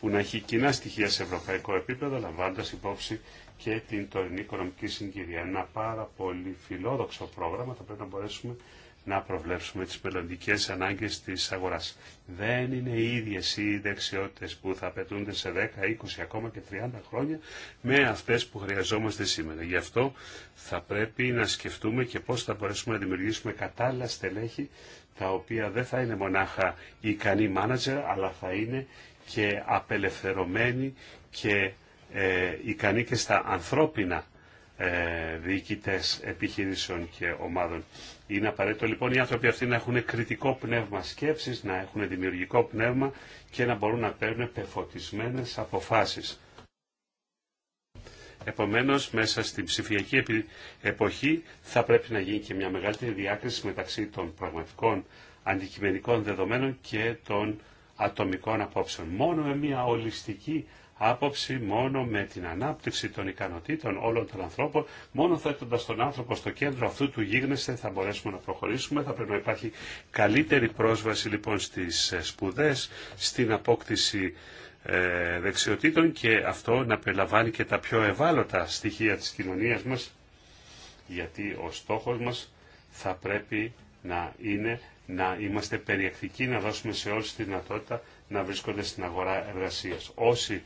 που να έχει κοινά στοιχεία σε ευρωπαϊκό επίπεδο, λαμβάνοντα υπόψη και την τωρινή οικονομική συγκυρία. Ένα πάρα πολύ φιλόδοξο πρόγραμμα, θα πρέπει να μπορέσουμε να προβλέψουμε τις μελλοντικέ ανάγκες της αγοράς. Δεν είναι οι ίδιες οι δεξιότητες που θα απαιτούνται σε 10, 20, ακόμα και 30 χρόνια με αυτές που χρειαζόμαστε σήμερα. Γι' αυτό θα πρέπει να σκεφτούμε και πώς θα μπορέσουμε να δημιουργήσουμε κατάλληλα στελέχη τα οποία δεν θα είναι μονάχα ικανοί μάνατζερ, αλλά θα είναι και απελευθερωμένοι και ε, ικανή και στα ανθρώπινα ε, διοικητέ επιχειρήσεων και ομάδων. Είναι απαραίτητο λοιπόν οι άνθρωποι αυτοί να έχουν κριτικό πνεύμα σκέψης, να έχουν δημιουργικό πνεύμα και να μπορούν να παίρνουν πεφωτισμένες αποφάσεις. Επομένως, μέσα στην ψηφιακή εποχή θα πρέπει να γίνει και μια μεγαλύτερη διάκριση μεταξύ των πραγματικών αντικειμενικών δεδομένων και των ατομικών απόψεων. Μόνο με μια ολιστική άποψη, μόνο με την ανάπτυξη των ικανοτήτων όλων των ανθρώπων, μόνο θέτοντα τον άνθρωπο στο κέντρο αυτού του γίγνεσθε θα μπορέσουμε να προχωρήσουμε. Θα πρέπει να υπάρχει καλύτερη πρόσβαση λοιπόν στις ε, σπουδές, στην απόκτηση ε, δεξιοτήτων και αυτό να περιλαμβάνει και τα πιο ευάλωτα στοιχεία της κοινωνίας μας, γιατί ο στόχος μας θα πρέπει να είναι να είμαστε περιεκτικοί, να δώσουμε σε όλους τη δυνατότητα να βρίσκονται στην αγορά εργασίας. Όσοι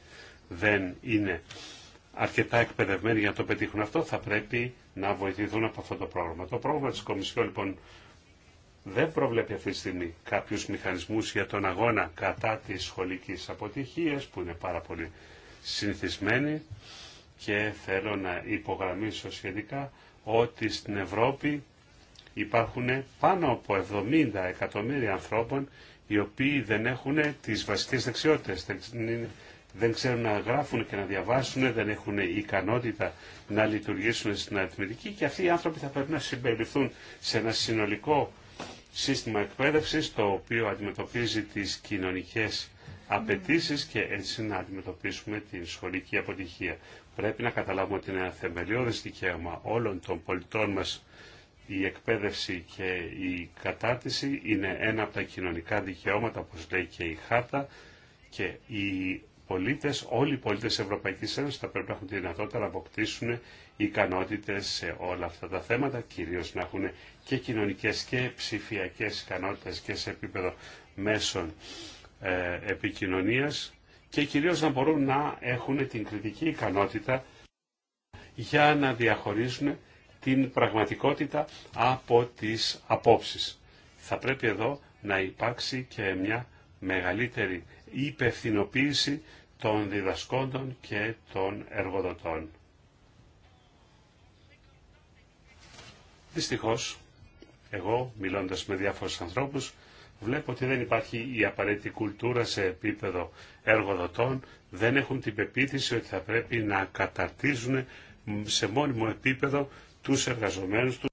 δεν είναι αρκετά εκπαιδευμένοι για να το πετύχουν αυτό, θα πρέπει να βοηθηθούν από αυτό το πρόγραμμα. Το πρόγραμμα της Κομισιόν, λοιπόν, δεν προβλέπει αυτή τη στιγμή κάποιους μηχανισμούς για τον αγώνα κατά της σχολικής αποτυχίας, που είναι πάρα πολύ συνηθισμένη και θέλω να υπογραμμίσω σχετικά ότι στην Ευρώπη υπάρχουν πάνω από 70 εκατομμύρια ανθρώπων οι οποίοι δεν έχουν τις βασικές δεξιότητες, δεν ξέρουν να γράφουν και να διαβάσουν, δεν έχουν ικανότητα να λειτουργήσουν στην αριθμητική και αυτοί οι άνθρωποι θα πρέπει να συμπεριληφθούν σε ένα συνολικό σύστημα εκπαίδευσης το οποίο αντιμετωπίζει τις κοινωνικές απαιτήσει και έτσι να αντιμετωπίσουμε την σχολική αποτυχία. Πρέπει να καταλάβουμε ότι είναι ένα θεμελιώδες δικαίωμα όλων των πολιτών μας η εκπαίδευση και η κατάρτιση είναι ένα από τα κοινωνικά δικαιώματα, όπως λέει και η Χάρτα, και οι πολίτες, όλοι οι πολίτες Ευρωπαϊκής Ένωσης θα πρέπει να έχουν τη δυνατότητα να αποκτήσουν ικανότητες σε όλα αυτά τα θέματα, κυρίως να έχουν και κοινωνικές και ψηφιακές ικανότητες και σε επίπεδο μέσων ε, επικοινωνίας και κυρίως να μπορούν να έχουν την κριτική ικανότητα για να διαχωρίζουν την πραγματικότητα από τις απόψεις. Θα πρέπει εδώ να υπάρξει και μια μεγαλύτερη υπευθυνοποίηση των διδασκόντων και των εργοδοτών. Δυστυχώς, εγώ μιλώντας με διάφορους ανθρώπους, βλέπω ότι δεν υπάρχει η απαραίτητη κουλτούρα σε επίπεδο εργοδοτών, δεν έχουν την πεποίθηση ότι θα πρέπει να καταρτίζουν σε μόνιμο επίπεδο τους εργαζομένους του.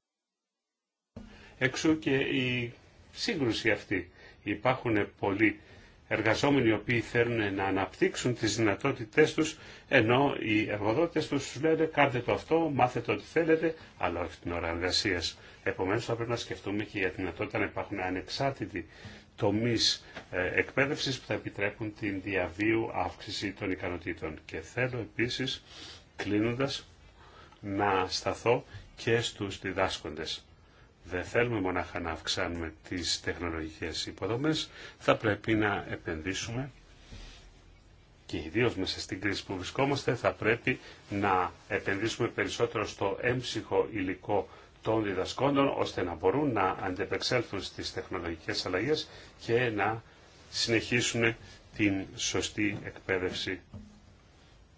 έξω και η σύγκρουση αυτή. Υπάρχουν πολλοί εργαζόμενοι οι οποίοι θέλουν να αναπτύξουν τις δυνατότητές τους, ενώ οι εργοδότες τους τους λένε κάντε το αυτό, μάθετε ό,τι θέλετε, αλλά όχι την ώρα εργασία. Επομένως θα πρέπει να σκεφτούμε και για τη δυνατότητα να υπάρχουν ανεξάρτητοι τομεί ε, εκπαίδευση που θα επιτρέπουν την διαβίου αύξηση των ικανοτήτων. Και θέλω επίσης, κλείνοντας, να σταθώ και στους διδάσκοντες. Δεν θέλουμε μονάχα να αυξάνουμε τις τεχνολογικές υποδομές, θα πρέπει να επενδύσουμε και ιδίω μέσα στην κρίση που βρισκόμαστε θα πρέπει να επενδύσουμε περισσότερο στο έμψυχο υλικό των διδασκόντων ώστε να μπορούν να αντεπεξέλθουν στις τεχνολογικές αλλαγές και να συνεχίσουν την σωστή εκπαίδευση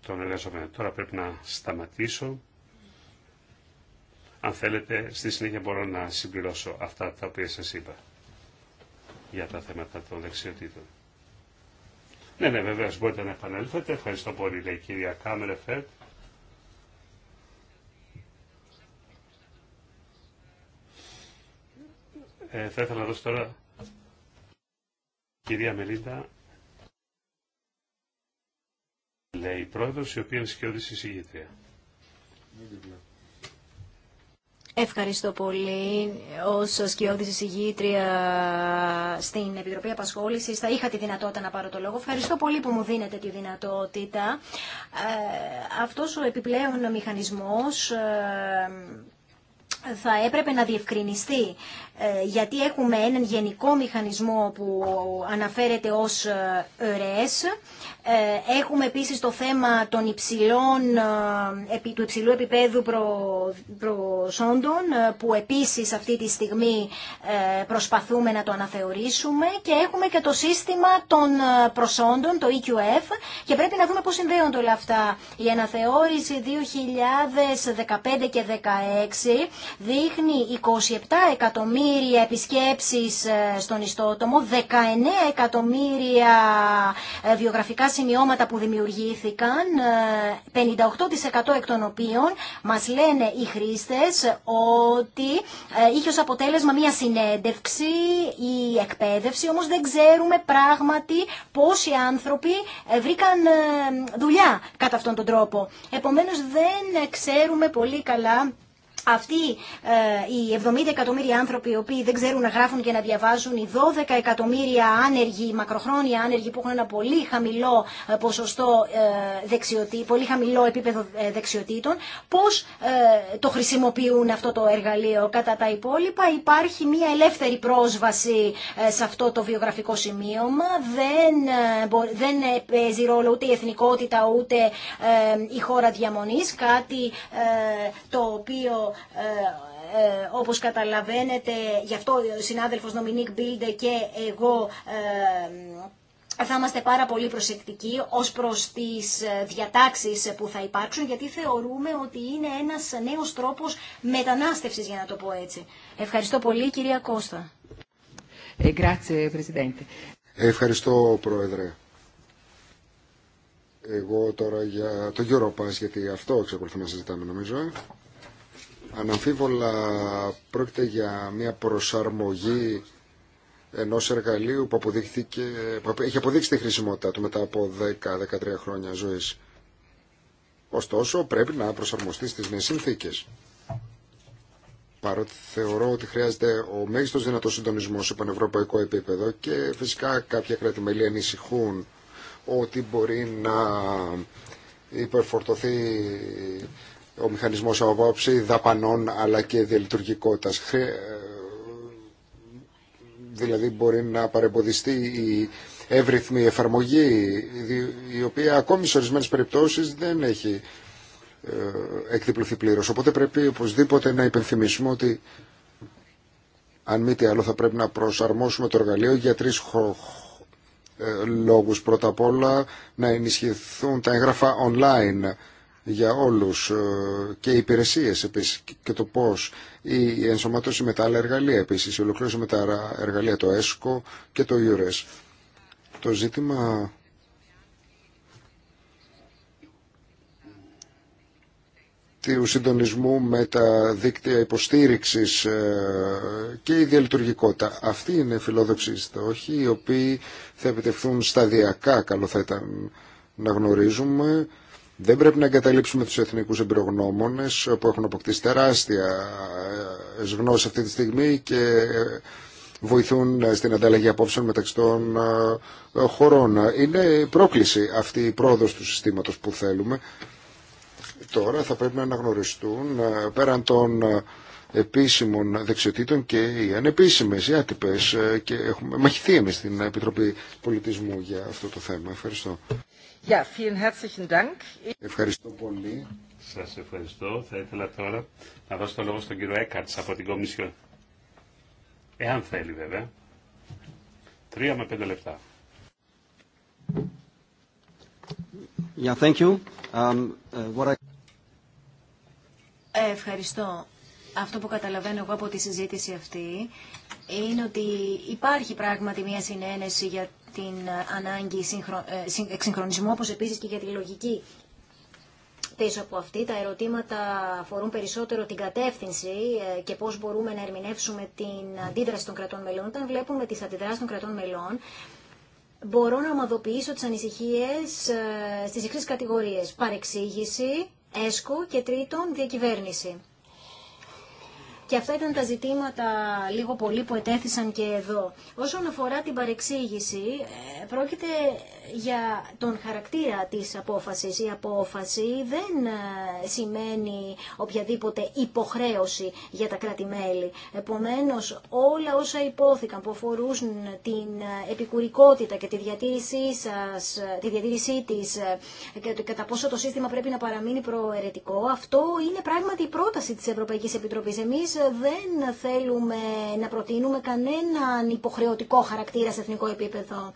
των εργαζομένων. Τώρα πρέπει να σταματήσω. Αν θέλετε, στη συνέχεια μπορώ να συμπληρώσω αυτά τα οποία σας είπα για τα θέματα των δεξιοτήτων. Ναι, ναι, βεβαίω μπορείτε να επανέλθετε. Ευχαριστώ πολύ, λέει η κυρία Κάμερεφερτ. Ε, θα ήθελα να δώσω τώρα κυρία Μελίντα, λέει η πρόεδρος, η οποία είναι σκιώδης εισηγήτρια. Ευχαριστώ πολύ. Ω σκιώδη εισηγήτρια στην Επιτροπή Απασχόληση θα είχα τη δυνατότητα να πάρω το λόγο. Ευχαριστώ πολύ που μου δίνετε τη δυνατότητα. Ε, Αυτό ο επιπλέον μηχανισμό ε, θα έπρεπε να διευκρινιστεί ε, γιατί έχουμε έναν γενικό μηχανισμό που αναφέρεται ως ε, ΡΕΣ. Ε, έχουμε επίσης το θέμα των υψηλών, του υψηλού επίπεδου προ, προσόντων που επίσης αυτή τη στιγμή προσπαθούμε να το αναθεωρήσουμε και έχουμε και το σύστημα των προσόντων, το EQF και πρέπει να δούμε πώς συνδέονται όλα αυτά. Η αναθεώρηση 2015 και 2016 δείχνει 27 εκατομμύρια εκατομμύρια επισκέψεις ε, στον ιστότομο, 19 εκατομμύρια ε, βιογραφικά σημειώματα που δημιουργήθηκαν, 58% ε, εκ των οποίων μας λένε οι χρήστες ότι είχε ως αποτέλεσμα μια συνέντευξη ή εκπαίδευση, όμως δεν ξέρουμε πράγματι πόσοι άνθρωποι βρήκαν δουλειά κατά αυτόν τον τρόπο. Επομένως δεν ξέρουμε πολύ καλά αυτοί ε, οι 70 εκατομμύρια άνθρωποι οι οποίοι δεν ξέρουν να γράφουν και να διαβάζουν, οι 12 εκατομμύρια άνεργοι, μακροχρόνια άνεργοι που έχουν ένα πολύ χαμηλό ε, ποσοστό ε, δεξιοτή, πολύ χαμηλό επίπεδο δεξιοτήτων, πώς το χρησιμοποιούν αυτό το εργαλείο. Κατά τα υπόλοιπα υπάρχει μια ελεύθερη πρόσβαση σε αυτό το βιογραφικό σημείωμα. Δεν, δεν παίζει ρόλο ούτε η εθνικότητα ούτε η χώρα διαμονής, κάτι το οποίο ε, ε, όπως καταλαβαίνετε, γι' αυτό ο συνάδελφος Νομινίκ Μπίλντε και εγώ ε, θα είμαστε πάρα πολύ προσεκτικοί ως προς τις ε, διατάξεις που θα υπάρξουν, γιατί θεωρούμε ότι είναι ένας νέος τρόπος μετανάστευσης, για να το πω έτσι. Ευχαριστώ πολύ, κυρία Κώστα. Ευχαριστώ, Πρόεδρε. Εγώ τώρα για το Europass, γιατί αυτό εξακολουθούμε να συζητάμε, νομίζω. Αναμφίβολα πρόκειται για μια προσαρμογή ενό εργαλείου που, που έχει αποδείξει τη χρησιμότητά του μετά από 10-13 χρόνια ζωή. Ωστόσο, πρέπει να προσαρμοστεί στι νέε συνθήκε. Παρότι θεωρώ ότι χρειάζεται ο μέγιστο δυνατό συντονισμό σε πανευρωπαϊκό επίπεδο και φυσικά κάποια κράτη-μέλη ανησυχούν ότι μπορεί να υπερφορτωθεί ο μηχανισμός απόψη δαπανών αλλά και διαλειτουργικότητας. Ε, δηλαδή μπορεί να παρεμποδιστεί η εύρυθμη εφαρμογή η οποία ακόμη σε ορισμένες περιπτώσεις δεν έχει ε, εκδιπλωθεί πλήρως. Οπότε πρέπει οπωσδήποτε να υπενθυμίσουμε ότι αν μη τι άλλο θα πρέπει να προσαρμόσουμε το εργαλείο για τρεις ε, λόγους. Πρώτα απ' όλα να ενισχυθούν τα έγγραφα online για όλους ε, και οι υπηρεσίες επίσης και το πώς η ενσωματώση με τα άλλα εργαλεία επίσης, η ολοκλήρωση με τα εργαλεία το ΕΣΚΟ και το ΙΟΡΕΣ. Το ζήτημα του συντονισμού με τα δίκτυα υποστήριξης ε, και η διαλειτουργικότητα. Αυτή είναι φιλόδοξη στόχοι οι οποίοι θα επιτευχθούν σταδιακά, καλό θα ήταν να γνωρίζουμε δεν πρέπει να εγκαταλείψουμε τους εθνικούς εμπειρογνώμονες που έχουν αποκτήσει τεράστια ε, γνώση αυτή τη στιγμή και βοηθούν ε, στην ανταλλαγή απόψεων μεταξύ των ε, χωρών. Είναι πρόκληση αυτή η πρόοδος του συστήματος που θέλουμε. Τώρα θα πρέπει να αναγνωριστούν πέραν των επίσημων δεξιοτήτων και οι ανεπίσημες, οι άτυπες και έχουμε μαχηθεί εμείς στην Επιτροπή Πολιτισμού για αυτό το θέμα. Ευχαριστώ. Ευχαριστώ πολύ. Σα ευχαριστώ. Θα ήθελα τώρα να δώσω το λόγο στον κύριο Έκαρτ από την Κομισιόν. Εάν θέλει βέβαια. Τρία με πέντε λεπτά. Yeah, thank you. Um, uh, what I... Ε, ευχαριστώ αυτό που καταλαβαίνω εγώ από τη συζήτηση αυτή είναι ότι υπάρχει πράγματι μια συνένεση για την ανάγκη ε, εξυγχρονισμού, όπως επίσης και για τη λογική πίσω από αυτή. Τα ερωτήματα αφορούν περισσότερο την κατεύθυνση ε, και πώς μπορούμε να ερμηνεύσουμε την αντίδραση των κρατών μελών. Όταν βλέπουμε τις αντιδράσεις των κρατών μελών, μπορώ να ομαδοποιήσω τις ανησυχίες ε, στις εξής κατηγορίες. Παρεξήγηση, έσκο και τρίτον διακυβέρνηση. Και αυτά ήταν τα ζητήματα λίγο πολύ που ετέθησαν και εδώ. Όσον αφορά την παρεξήγηση, ε, πρόκειται για τον χαρακτήρα της απόφασης. Η απόφαση δεν ε, σημαίνει οποιαδήποτε υποχρέωση για τα κράτη-μέλη. Επομένως, όλα όσα υπόθηκαν που αφορούσαν την ε, επικουρικότητα και τη διατήρησή, ε, τη διατήρησή της και κατά πόσο το σύστημα πρέπει να παραμείνει προαιρετικό, αυτό είναι πράγματι η πρόταση της Ευρωπαϊκής Επιτροπής. Εμείς δεν θέλουμε να προτείνουμε κανέναν υποχρεωτικό χαρακτήρα σε εθνικό επίπεδο.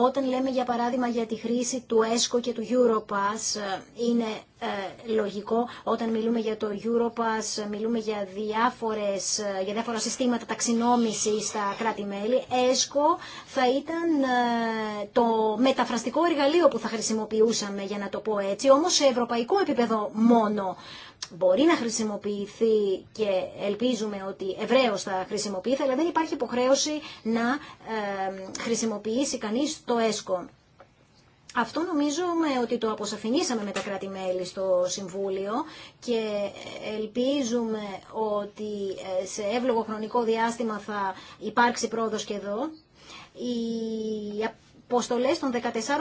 Όταν λέμε για παράδειγμα για τη χρήση του ΕΣΚΟ και του Europass, ε, είναι ε, λογικό. Όταν μιλούμε για το Europass, ε, μιλούμε για, διάφορες, για διάφορα συστήματα ταξινόμησης στα κράτη-μέλη. ΕΣΚΟ θα ήταν το μεταφραστικό εργαλείο που θα χρησιμοποιούσαμε, για να το πω έτσι, όμως σε ευρωπαϊκό επίπεδο μόνο μπορεί να χρησιμοποιηθεί και ελπίζουμε ότι ευρέως θα χρησιμοποιηθεί, αλλά δεν υπάρχει υποχρέωση να ε, χρησιμοποιήσει κανείς το ΕΣΚΟ. Αυτό νομίζουμε ότι το αποσαφηνίσαμε με τα κράτη-μέλη στο Συμβούλιο και ελπίζουμε ότι ε, σε εύλογο χρονικό διάστημα θα υπάρξει πρόοδος και εδώ. Η αποστολές των 14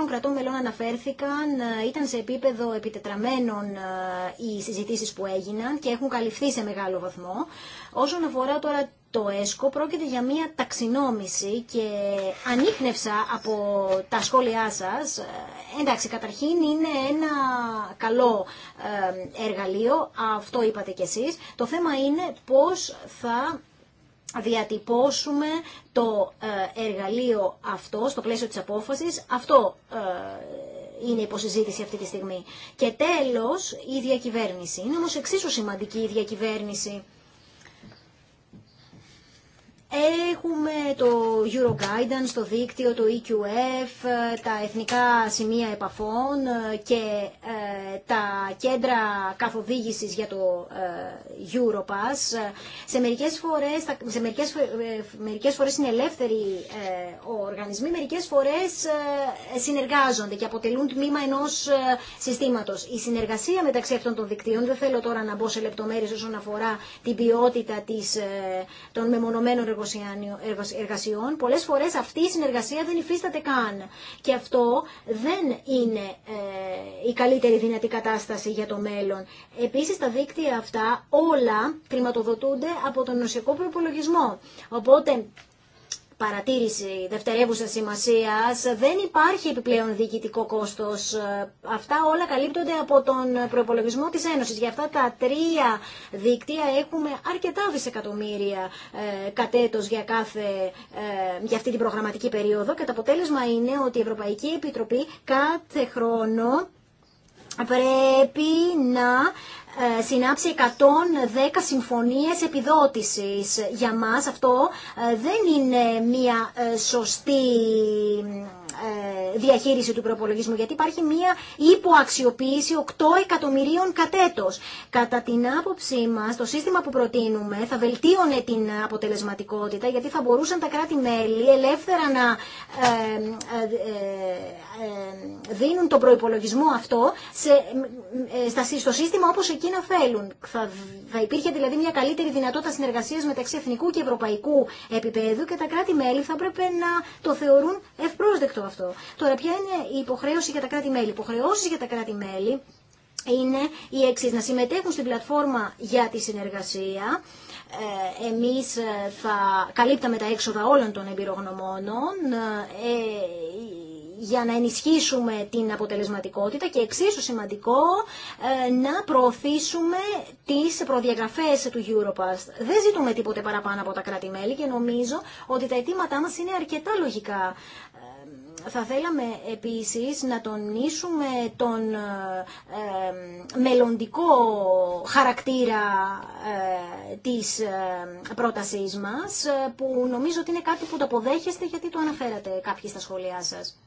κρατών μελών αναφέρθηκαν, ε, ήταν σε επίπεδο επιτετραμένων ε, οι συζητήσεις που έγιναν και έχουν καλυφθεί σε μεγάλο βαθμό. Όσον αφορά τώρα το ΕΣΚΟ πρόκειται για μια ταξινόμηση και ανείχνευσα από τα σχόλιά σας. Ε, εντάξει, καταρχήν είναι ένα καλό εργαλείο, αυτό είπατε κι εσείς. Το θέμα είναι πώς θα διατυπώσουμε το ε, εργαλείο αυτό στο πλαίσιο της απόφασης. Αυτό ε, είναι η υποσυζήτηση αυτή τη στιγμή. Και τέλος, η διακυβέρνηση. Είναι όμως εξίσου σημαντική η διακυβέρνηση Έχουμε το Euroguidance, το δίκτυο, το EQF, τα εθνικά σημεία επαφών ε, και ε, τα κέντρα καθοδήγησης για το ε, Europass. Σε μερικές φορές, σε μερικές, μερικές είναι ελεύθεροι οργανισμοί, μερικές φορές συνεργάζονται και αποτελούν τμήμα ενός συστήματος. Η συνεργασία μεταξύ αυτών των δικτύων, δεν θέλω τώρα να μπω σε λεπτομέρειες όσον αφορά την ποιότητα της, των μεμονωμένων εργοστασίων, εργασιών, πολλές φορές αυτή η συνεργασία δεν υφίσταται καν. Και αυτό δεν είναι ε, η καλύτερη δυνατή κατάσταση για το μέλλον. Επίση, τα δίκτυα αυτά όλα κρηματοδοτούνται από τον νοσιακό προπολογισμό. Οπότε παρατήρηση δευτερεύουσα σημασία, δεν υπάρχει επιπλέον διοικητικό κόστο. Ε, αυτά όλα καλύπτονται από τον προπολογισμό τη Ένωση. Για αυτά τα τρία δίκτυα έχουμε αρκετά δισεκατομμύρια ε, για, κάθε, ε, για αυτή την προγραμματική περίοδο και το αποτέλεσμα είναι ότι η Ευρωπαϊκή Επιτροπή κάθε χρόνο πρέπει να ε, συνάψει 110 συμφωνίες επιδότησης. Για μας αυτό ε, δεν είναι μια ε, σωστή ε, διαχείριση του προπολογισμού, γιατί υπάρχει μία υποαξιοποίηση 8 εκατομμυρίων κατέτος. Κατά την άποψή μας, το σύστημα που προτείνουμε θα βελτίωνε την αποτελεσματικότητα, γιατί θα μπορούσαν τα κράτη-μέλη ελεύθερα να ε, ε, δίνουν τον προϋπολογισμό αυτό στο σύστημα όπως εκείνα θέλουν. Θα υπήρχε δηλαδή μια καλύτερη δυνατότητα συνεργασίας μεταξύ εθνικού και ευρωπαϊκού επίπεδου και τα κράτη-μέλη θα πρέπει να το θεωρούν ευπρόσδεκτο αυτό. Τώρα, ποια είναι η υποχρέωση για τα κράτη-μέλη. Υποχρεώσει για τα κράτη-μέλη είναι οι εξή. Να συμμετέχουν στην πλατφόρμα για τη συνεργασία. Ε, εμείς ε, θα καλύπταμε τα έξοδα όλων των εμπειρογνωμόνων ε, για να ενισχύσουμε την αποτελεσματικότητα και εξίσου σημαντικό να προωθήσουμε τις προδιαγραφές του Europass. Δεν ζητούμε τίποτε παραπάνω από τα κράτη-μέλη και νομίζω ότι τα αιτήματά μας είναι αρκετά λογικά θα θέλαμε επίσης να τονίσουμε τον ε, ε, μελλοντικό χαρακτήρα ε, της πρότασής μας που νομίζω ότι είναι κάτι που το αποδέχεστε γιατί το αναφέρατε κάποιοι στα σχόλιά σας.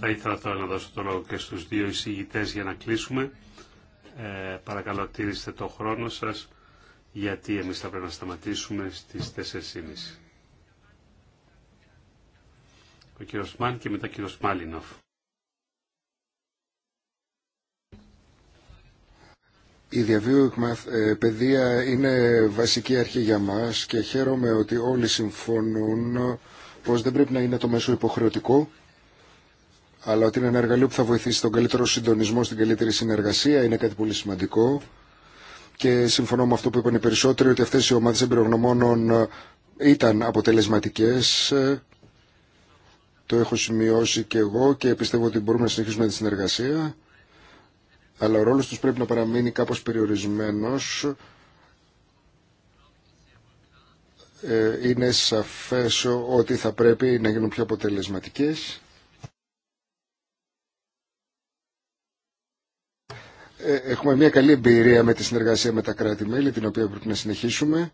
Θα ήθελα τώρα να δώσω το λόγο και στους δύο εισηγητές για να κλείσουμε. Ε, παρακαλώ τήρηστε το χρόνο σας γιατί εμείς θα πρέπει να σταματήσουμε στις 4.30. Ο κύριος Μάν και μετά ο Μάλινοφ. Η διαβίωση ε, παιδεία είναι βασική αρχή για μας και χαίρομαι ότι όλοι συμφωνούν πως δεν πρέπει να είναι το μέσο υποχρεωτικό αλλά ότι είναι ένα εργαλείο που θα βοηθήσει τον καλύτερο συντονισμό στην καλύτερη συνεργασία, είναι κάτι πολύ σημαντικό και συμφωνώ με αυτό που είπαν οι περισσότεροι ότι αυτές οι ομάδες εμπειρογνωμόνων ε, ήταν αποτελεσματικές. Ε, το έχω σημειώσει και εγώ και πιστεύω ότι μπορούμε να συνεχίσουμε τη συνεργασία. Αλλά ο ρόλος τους πρέπει να παραμείνει κάπως περιορισμένος. Ε, είναι σαφές ότι θα πρέπει να γίνουν πιο αποτελεσματικές Ε, έχουμε μια καλή εμπειρία με τη συνεργασία με τα κράτη-μέλη, την οποία πρέπει να συνεχίσουμε.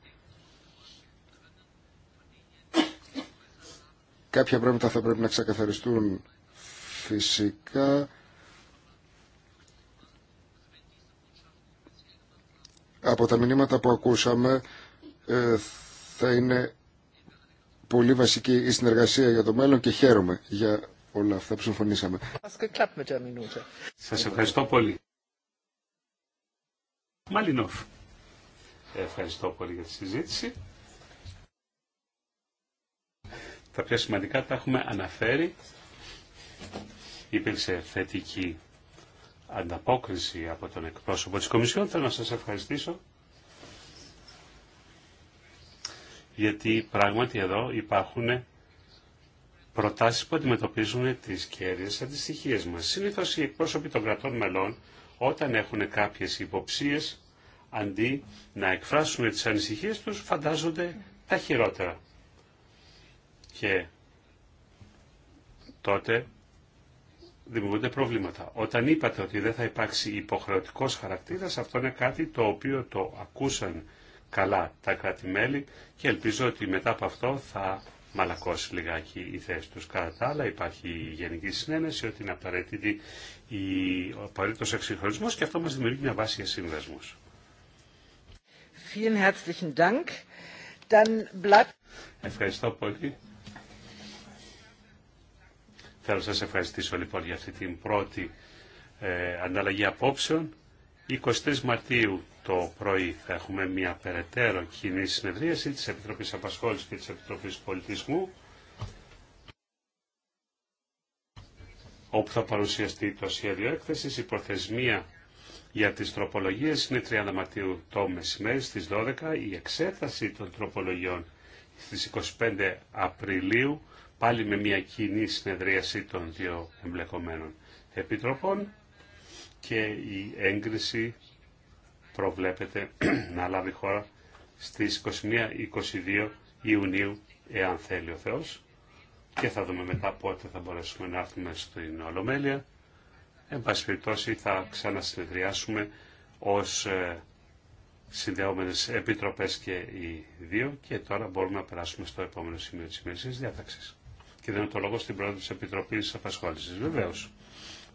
Κάποια πράγματα θα πρέπει να ξεκαθαριστούν φυσικά. Από τα μηνύματα που ακούσαμε ε, θα είναι πολύ βασική η συνεργασία για το μέλλον και χαίρομαι για όλα αυτά που συμφωνήσαμε. Σας ευχαριστώ πολύ. Μαλινόφ. Ευχαριστώ πολύ για τη συζήτηση. Τα πιο σημαντικά τα έχουμε αναφέρει. Υπήρξε θετική ανταπόκριση από τον εκπρόσωπο της Κομισιόν. Θέλω να σας ευχαριστήσω γιατί πράγματι εδώ υπάρχουν προτάσεις που αντιμετωπίζουν τις κέρδες αντιστοιχίες μας. Συνήθως οι εκπρόσωποι των κρατών μελών όταν έχουν κάποιες υποψίες, αντί να εκφράσουν τις ανησυχίες τους, φαντάζονται τα χειρότερα. Και τότε δημιουργούνται προβλήματα. Όταν είπατε ότι δεν θα υπάρξει υποχρεωτικός χαρακτήρας, αυτό είναι κάτι το οποίο το ακούσαν καλά τα κράτη-μέλη και ελπίζω ότι μετά από αυτό θα μαλακώσει λιγάκι η θέση τους. Κατά τα άλλα υπάρχει η γενική συνένεση ότι είναι απαραίτητη η, ο απαραίτητος εξυγχρονισμός και αυτό μας δημιουργεί μια βάση για σύνδεσμους. Ευχαριστώ πολύ. Θέλω να σας ευχαριστήσω λοιπόν για αυτή την πρώτη ε, ανταλλαγή απόψεων. 23 Μαρτίου το πρωί θα έχουμε μια περαιτέρω κοινή συνεδρίαση της Επιτροπής Απασχόλησης και της Επιτροπής Πολιτισμού όπου θα παρουσιαστεί το σχέδιο έκθεση. Η προθεσμία για τις τροπολογίες είναι 30 Μαρτίου το μεσημέρι στις 12. Η εξέταση των τροπολογιών στις 25 Απριλίου πάλι με μια κοινή συνεδρίαση των δύο εμπλεκομένων επιτροπών και η έγκριση προβλέπεται να λάβει χώρα στις 21-22 Ιουνίου, εάν θέλει ο Θεός. Και θα δούμε μετά πότε θα μπορέσουμε να έρθουμε στην Ολομέλεια. Εν πάση περιπτώσει θα ξανασυνεδριάσουμε ως ε, συνδεόμενες επιτροπές και οι δύο και τώρα μπορούμε να περάσουμε στο επόμενο σημείο της της διάταξης. Και δίνω το λόγο στην πρόεδρο της Επιτροπής Απασχόλησης. Βεβαίως.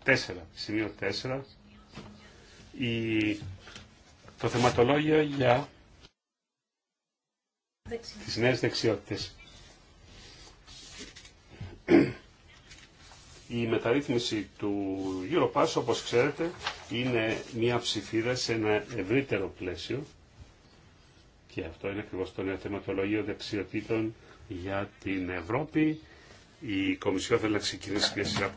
4. Σημείο 4 το θεματολόγιο για τις νέες δεξιότητες. Η μεταρρύθμιση του Europass, όπως ξέρετε, είναι μια ψηφίδα σε ένα ευρύτερο πλαίσιο και αυτό είναι ακριβώ το νέο θεματολόγιο δεξιοτήτων για την Ευρώπη. Η Κομισιό θέλει να ξεκινήσει μια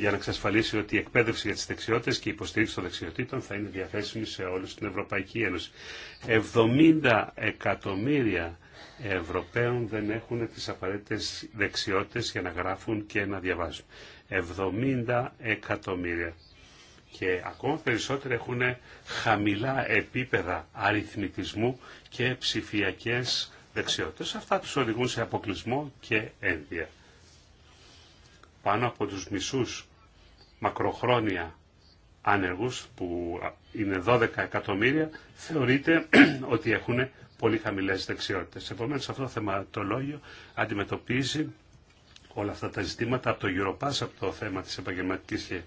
για να εξασφαλίσει ότι η εκπαίδευση για τις δεξιότητες και η υποστήριξη των δεξιοτήτων θα είναι διαθέσιμη σε όλου στην Ευρωπαϊκή Ένωση. 70 εκατομμύρια Ευρωπαίων δεν έχουν τις απαραίτητες δεξιότητες για να γράφουν και να διαβάζουν. 70 εκατομμύρια. Και ακόμα περισσότερο έχουν χαμηλά επίπεδα αριθμητισμού και ψηφιακές δεξιότητες. Αυτά τους οδηγούν σε αποκλεισμό και ένδια. Πάνω από τους μισούς μακροχρόνια άνεργους που είναι 12 εκατομμύρια θεωρείται ότι έχουν πολύ χαμηλές δεξιότητες. Επομένως αυτό το θεματολόγιο αντιμετωπίζει όλα αυτά τα ζητήματα από το Europass, από το θέμα της επαγγελματικής και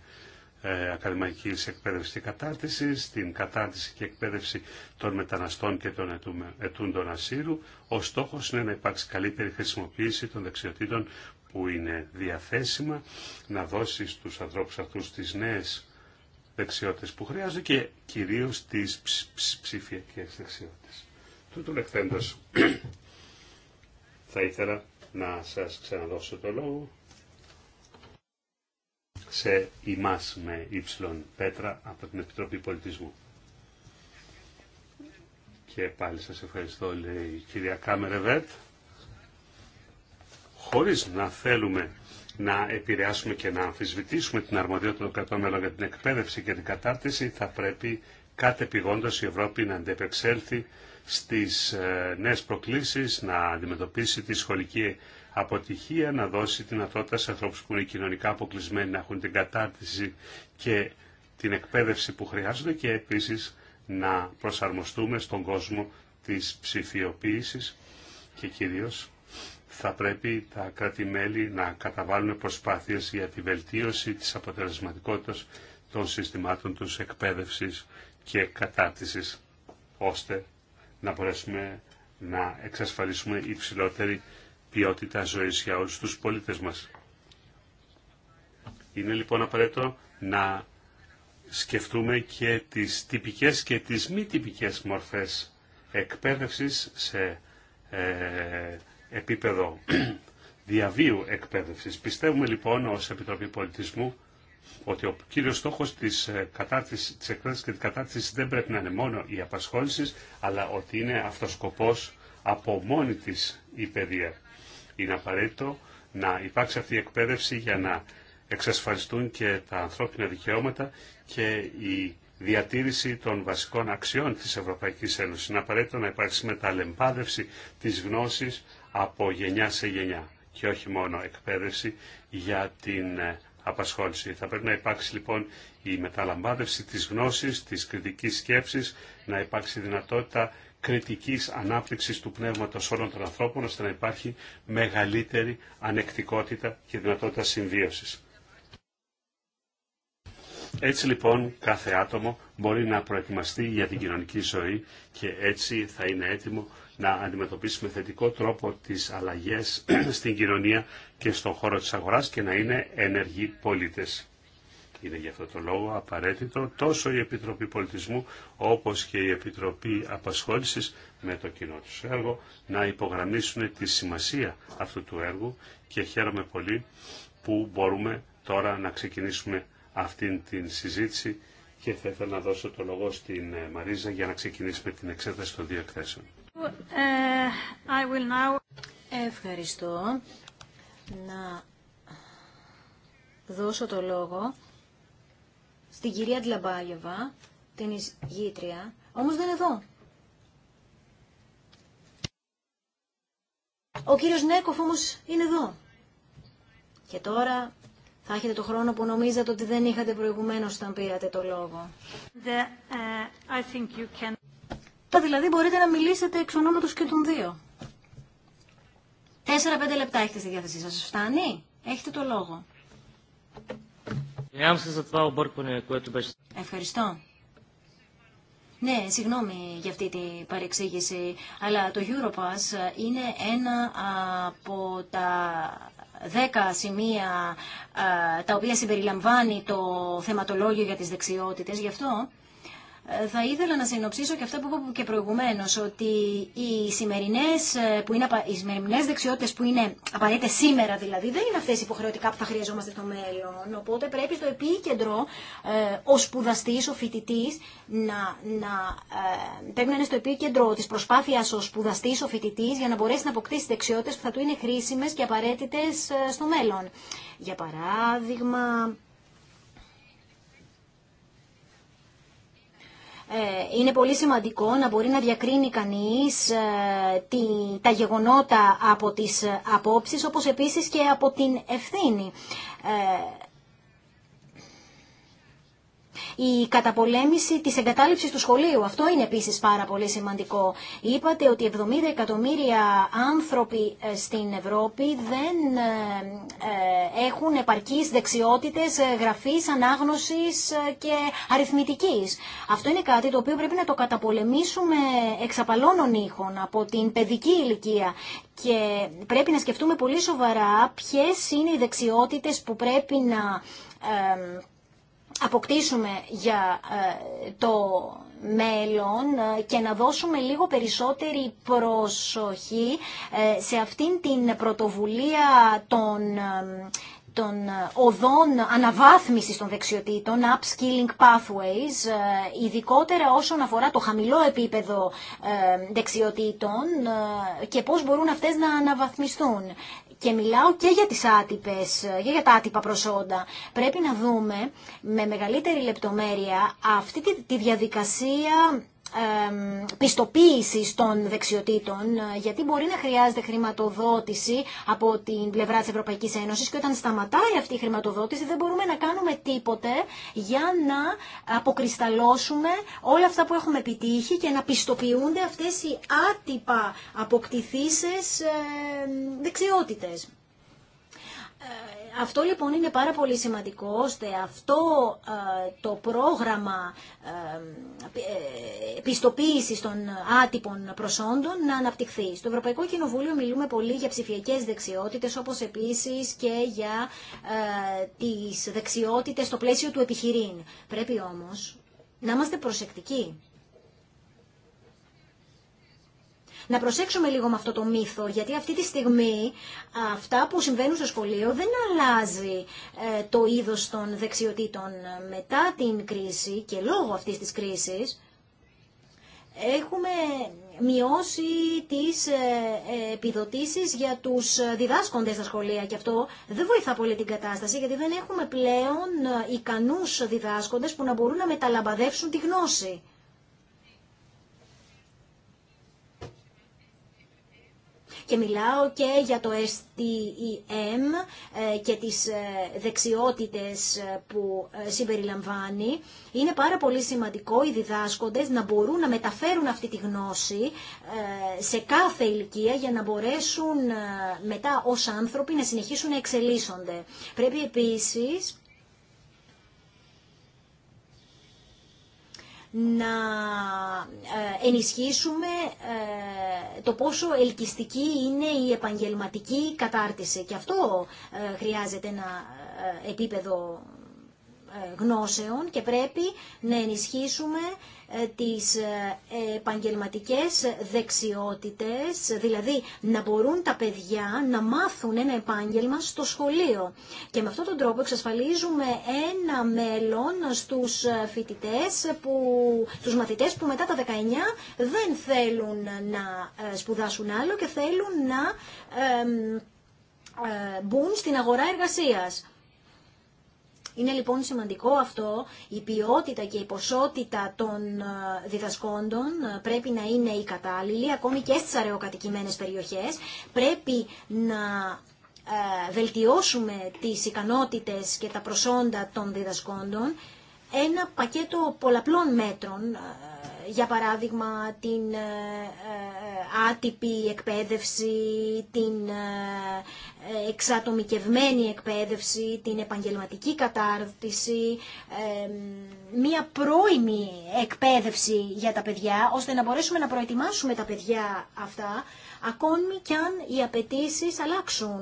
ε, ακαδημαϊκής εκπαίδευσης και κατάρτισης, την κατάρτιση και εκπαίδευση των μεταναστών και των ετούντων ασύρου. Ο στόχος είναι να υπάρξει καλύτερη χρησιμοποίηση των δεξιοτήτων που είναι διαθέσιμα, να δώσει στους ανθρώπους αυτούς τις νέες δεξιότητες που χρειάζονται και κυρίως τις ψ, ψηφιακές δεξιότητες. Τούτου λεχθέντος θα ήθελα να σας ξαναδώσω το λόγο σε ημάς με ύψιλον πέτρα από την Επιτροπή Πολιτισμού. Και πάλι σας ευχαριστώ, λέει η κυρία Κάμερεβέτ χωρίς να θέλουμε να επηρεάσουμε και να αμφισβητήσουμε την αρμοδιότητα των κρατών μέλων για την εκπαίδευση και την κατάρτιση, θα πρέπει κατεπηγόντως η Ευρώπη να αντεπεξέλθει στις ε, νέες προκλήσεις, να αντιμετωπίσει τη σχολική αποτυχία, να δώσει την δυνατότητα σε ανθρώπους που είναι κοινωνικά αποκλεισμένοι να έχουν την κατάρτιση και την εκπαίδευση που χρειάζονται και επίσης να προσαρμοστούμε στον κόσμο της ψηφιοποίησης και κυρίως θα πρέπει τα κράτη-μέλη να καταβάλουν προσπάθειες για τη βελτίωση της αποτελεσματικότητας των συστημάτων τους εκπαίδευσης και κατάρτισης, ώστε να μπορέσουμε να εξασφαλίσουμε υψηλότερη ποιότητα ζωής για όλους τους πολίτες μας. Είναι λοιπόν απαραίτητο να σκεφτούμε και τις τυπικές και τις μη τυπικές μορφές εκπαίδευσης σε ε, επίπεδο διαβίου εκπαίδευσης. Πιστεύουμε λοιπόν ως Επιτροπή Πολιτισμού ότι ο κύριος στόχος της, ε, κατάρτισης, εκπαίδευσης και της κατάρτισης δεν πρέπει να είναι μόνο η απασχόληση, αλλά ότι είναι αυτός σκοπός από μόνη της η παιδεία. Είναι απαραίτητο να υπάρξει αυτή η εκπαίδευση για να εξασφαλιστούν και τα ανθρώπινα δικαιώματα και η διατήρηση των βασικών αξιών της Ευρωπαϊκής Ένωσης. Είναι απαραίτητο να υπάρξει μεταλλεμπάδευση της γνώσης από γενιά σε γενιά και όχι μόνο εκπαίδευση για την ε, απασχόληση. Θα πρέπει να υπάρξει λοιπόν η μεταλαμπάδευση της γνώσης, της κριτικής σκέψης, να υπάρξει δυνατότητα κριτικής ανάπτυξης του πνεύματος όλων των ανθρώπων, ώστε να υπάρχει μεγαλύτερη ανεκτικότητα και δυνατότητα συμβίωσης. Έτσι λοιπόν κάθε άτομο μπορεί να προετοιμαστεί για την κοινωνική ζωή και έτσι θα είναι έτοιμο να αντιμετωπίσουμε θετικό τρόπο τις αλλαγές στην κοινωνία και στον χώρο της αγοράς και να είναι ενεργοί πολίτες. Είναι γι' αυτό το λόγο απαραίτητο τόσο η Επιτροπή Πολιτισμού όπως και η Επιτροπή Απασχόλησης με το κοινό του έργο να υπογραμμίσουν τη σημασία αυτού του έργου και χαίρομαι πολύ που μπορούμε τώρα να ξεκινήσουμε αυτήν την συζήτηση και θα ήθελα να δώσω το λόγο στην Μαρίζα για να ξεκινήσουμε την εξέταση των δύο εκθέσεων. Uh, Ευχαριστώ. Να δώσω το λόγο στην κυρία Τλαμπάγεβα, την εισηγήτρια, όμως δεν είναι εδώ. Ο κύριος Νέκοφ όμως είναι εδώ. Και τώρα θα έχετε το χρόνο που νομίζατε ότι δεν είχατε προηγουμένως όταν πήρατε το λόγο. Uh, you δηλαδή μπορείτε να μιλήσετε εξ ονόματος και των δύο. Τέσσερα-πέντε λεπτά έχετε στη διάθεσή σας. Φτάνει. Έχετε το λόγο. Ευχαριστώ. Ναι, συγγνώμη για αυτή την παρεξήγηση, αλλά το Europass είναι ένα από τα δέκα σημεία ε, τα οποία συμπεριλαμβάνει το θεματολόγιο για τις δεξιότητες. Γι' αυτό ε, θα ήθελα να συνοψίσω και αυτά που είπα και προηγουμένω, ότι οι σημερινέ ε, που είναι, οι σημερινές δεξιότητες που είναι απαραίτητε σήμερα δηλαδή, δεν είναι αυτέ υποχρεωτικά που θα χρειαζόμαστε στο μέλλον. Οπότε πρέπει στο επίκεντρο ε, ο σπουδαστή, ο φοιτητή να, να, πρέπει να είναι στο επίκεντρο τη προσπάθεια ο σπουδαστή, ο φοιτητή για να μπορέσει να αποκτήσει δεξιότητε, που θα του είναι χρήσιμε και απαραίτητες στο μέλλον. Για παράδειγμα, Ε, είναι πολύ σημαντικό να μπορεί να διακρίνει κανείς ε, τα γεγονότα από τις ε, απόψεις, όπως επίσης και από την ευθύνη η καταπολέμηση της εγκατάλειψης του σχολείου. Αυτό είναι επίσης πάρα πολύ σημαντικό. Είπατε ότι 70 εκατομμύρια άνθρωποι ε, στην Ευρώπη δεν ε, ε, έχουν επαρκείς δεξιότητες γραφής, ανάγνωσης και αριθμητικής. Αυτό είναι κάτι το οποίο πρέπει να το καταπολεμήσουμε εξαπαλώνων ήχων από την παιδική ηλικία και πρέπει να σκεφτούμε πολύ σοβαρά ποιες είναι οι δεξιότητες που πρέπει να αποκτήσουμε για ε, το μέλλον ε, και να δώσουμε λίγο περισσότερη προσοχή ε, σε αυτήν την πρωτοβουλία των των ε, οδών αναβάθμισης των δεξιοτήτων, upskilling pathways, ε, ειδικότερα όσον αφορά το χαμηλό επίπεδο ε, δεξιοτήτων και πώς μπορούν αυτές να αναβαθμιστούν. Και μιλάω και για τις άτυπες, και για τα άτυπα προσόντα. Πρέπει να δούμε με μεγαλύτερη λεπτομέρεια αυτή τη διαδικασία Πιστοποίηση των δεξιοτήτων, ε, γιατί μπορεί να χρειάζεται χρηματοδότηση από την πλευρά τη Ευρωπαϊκής Ένωσης και όταν σταματάει αυτή η χρηματοδότηση δεν μπορούμε να κάνουμε τίποτε για να αποκρισταλώσουμε όλα αυτά που έχουμε επιτύχει και να πιστοποιούνται αυτές οι άτυπα αποκτηθήσεις ε, δεξιότητες. Ε, αυτό λοιπόν είναι πάρα πολύ σημαντικό ώστε αυτό ε, το πρόγραμμα ε, ε, πιστοποίησης των άτυπων προσόντων να αναπτυχθεί. Στο Ευρωπαϊκό Κοινοβούλιο μιλούμε πολύ για ψηφιακές δεξιότητες όπως επίσης και για ε, τις δεξιότητες στο πλαίσιο του επιχειρήν. Πρέπει όμως να είμαστε προσεκτικοί να προσέξουμε λίγο με αυτό το μύθο, γιατί αυτή τη στιγμή αυτά που συμβαίνουν στο σχολείο δεν αλλάζει ε, το είδος των δεξιοτήτων μετά την κρίση και λόγω αυτής της κρίσης. Έχουμε μειώσει τις ε, ε, επιδοτήσεις για τους διδάσκοντες στα σχολεία και αυτό δεν βοηθά πολύ την κατάσταση γιατί δεν έχουμε πλέον ικανούς διδάσκοντες που να μπορούν να μεταλαμπαδεύσουν τη γνώση. και μιλάω και για το STEM ε, και τις ε, δεξιότητες ε, που συμπεριλαμβάνει. Είναι πάρα πολύ σημαντικό οι διδάσκοντες να μπορούν να μεταφέρουν αυτή τη γνώση σε κάθε ηλικία για να μπορέσουν μετά ως άνθρωποι να συνεχίσουν να εξελίσσονται. Πρέπει επίσης να ε, ενισχύσουμε ε, το πόσο ελκυστική είναι η επαγγελματική κατάρτιση. Και αυτό ε, χρειάζεται ένα επίπεδο γνώσεων και πρέπει να ενισχύσουμε ε, τις ε, επαγγελματικές δεξιότητες, δηλαδή να μπορούν τα παιδιά να μάθουν ένα επάγγελμα στο σχολείο. Και με αυτόν τον τρόπο εξασφαλίζουμε ένα μέλλον στους ε, φοιτητές, που, στους μαθητές που μετά τα 19 δεν θέλουν να σπουδάσουν άλλο και θέλουν να μπουν στην αγορά εργασίας. Είναι λοιπόν σημαντικό αυτό, η ποιότητα και η ποσότητα των ε, διδασκόντων ε, πρέπει να είναι η κατάλληλη, ακόμη και στις αραιοκατοικημένες περιοχές. Πρέπει να ε, βελτιώσουμε τις ικανότητες και τα προσόντα των διδασκόντων. Ένα πακέτο πολλαπλών μέτρων για παράδειγμα την ε, ε, άτυπη εκπαίδευση, την ε, εξατομικευμένη εκπαίδευση, την επαγγελματική κατάρτιση, μία πρώιμη εκπαίδευση για τα παιδιά, ώστε να μπορέσουμε να προετοιμάσουμε τα παιδιά αυτά, ακόμη κι αν οι απαιτήσει αλλάξουν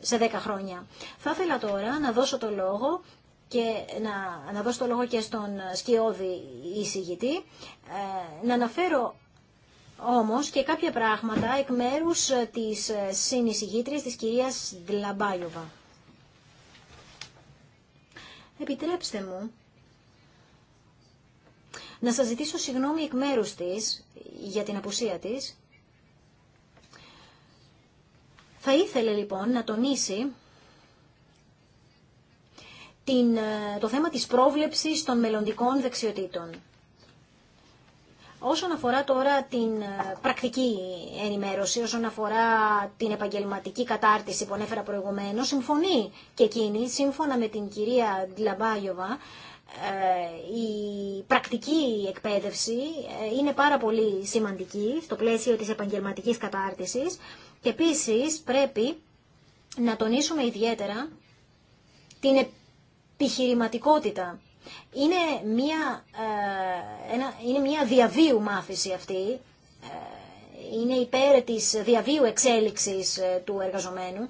σε 10 χρόνια. Θα ήθελα τώρα να δώσω το λόγο και να, να δώσω το λόγο και στον σκιώδη εισηγητή. Ε, να αναφέρω όμως και κάποια πράγματα εκ μέρους της συνεισηγήτριας της κυρίας Ντλαμπάγιοβα. Επιτρέψτε μου να σας ζητήσω συγγνώμη εκ μέρους της για την απουσία της. Θα ήθελε λοιπόν να τονίσει την, ε, το θέμα της πρόβλεψης των μελλοντικών δεξιοτήτων. Όσον αφορά τώρα την ε, πρακτική ενημέρωση, όσον αφορά την επαγγελματική κατάρτιση που ανέφερα προηγουμένως, συμφωνεί και εκείνη, σύμφωνα με την κυρία Ντλαμπάγιοβα, ε, η πρακτική εκπαίδευση είναι πάρα πολύ σημαντική στο πλαίσιο της επαγγελματικής κατάρτισης και επίσης πρέπει να τονίσουμε ιδιαίτερα την επιχειρηματικότητα. Είναι μια, ε, είναι μια διαβίου μάθηση αυτή, ε, είναι υπέρ της διαβίου εξέλιξης ε, του εργαζομένου.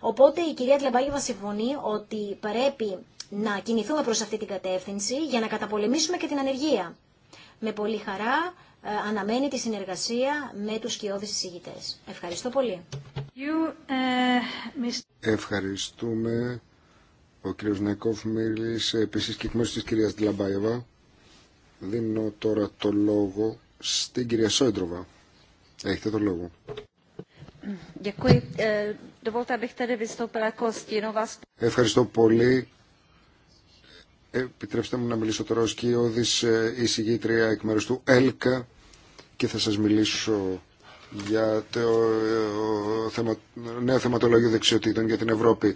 Οπότε η κυρία Τλεμπάγεβα συμφωνεί ότι πρέπει να κινηθούμε προς αυτή την κατεύθυνση για να καταπολεμήσουμε και την ανεργία. Με πολύ χαρά αναμένει τη συνεργασία με τους σκιώδεις εισηγητές. Ευχαριστώ πολύ. You, Ευχαριστούμε ο κύριος Νέκοφ μίλησε επίσης και εκ μέρους της κυρίας Ντλαμπάεβα. Δίνω τώρα το λόγο στην κυρία Σόιντροβα. Έχετε το λόγο. Ε, Ευχαριστώ πολύ. Επιτρέψτε μου να μιλήσω τώρα ως η ε, εισηγήτρια εκ μέρους του ΕΛΚΑ και θα σας μιλήσω για το ε, νέο θεματολόγιο δεξιοτήτων για την Ευρώπη.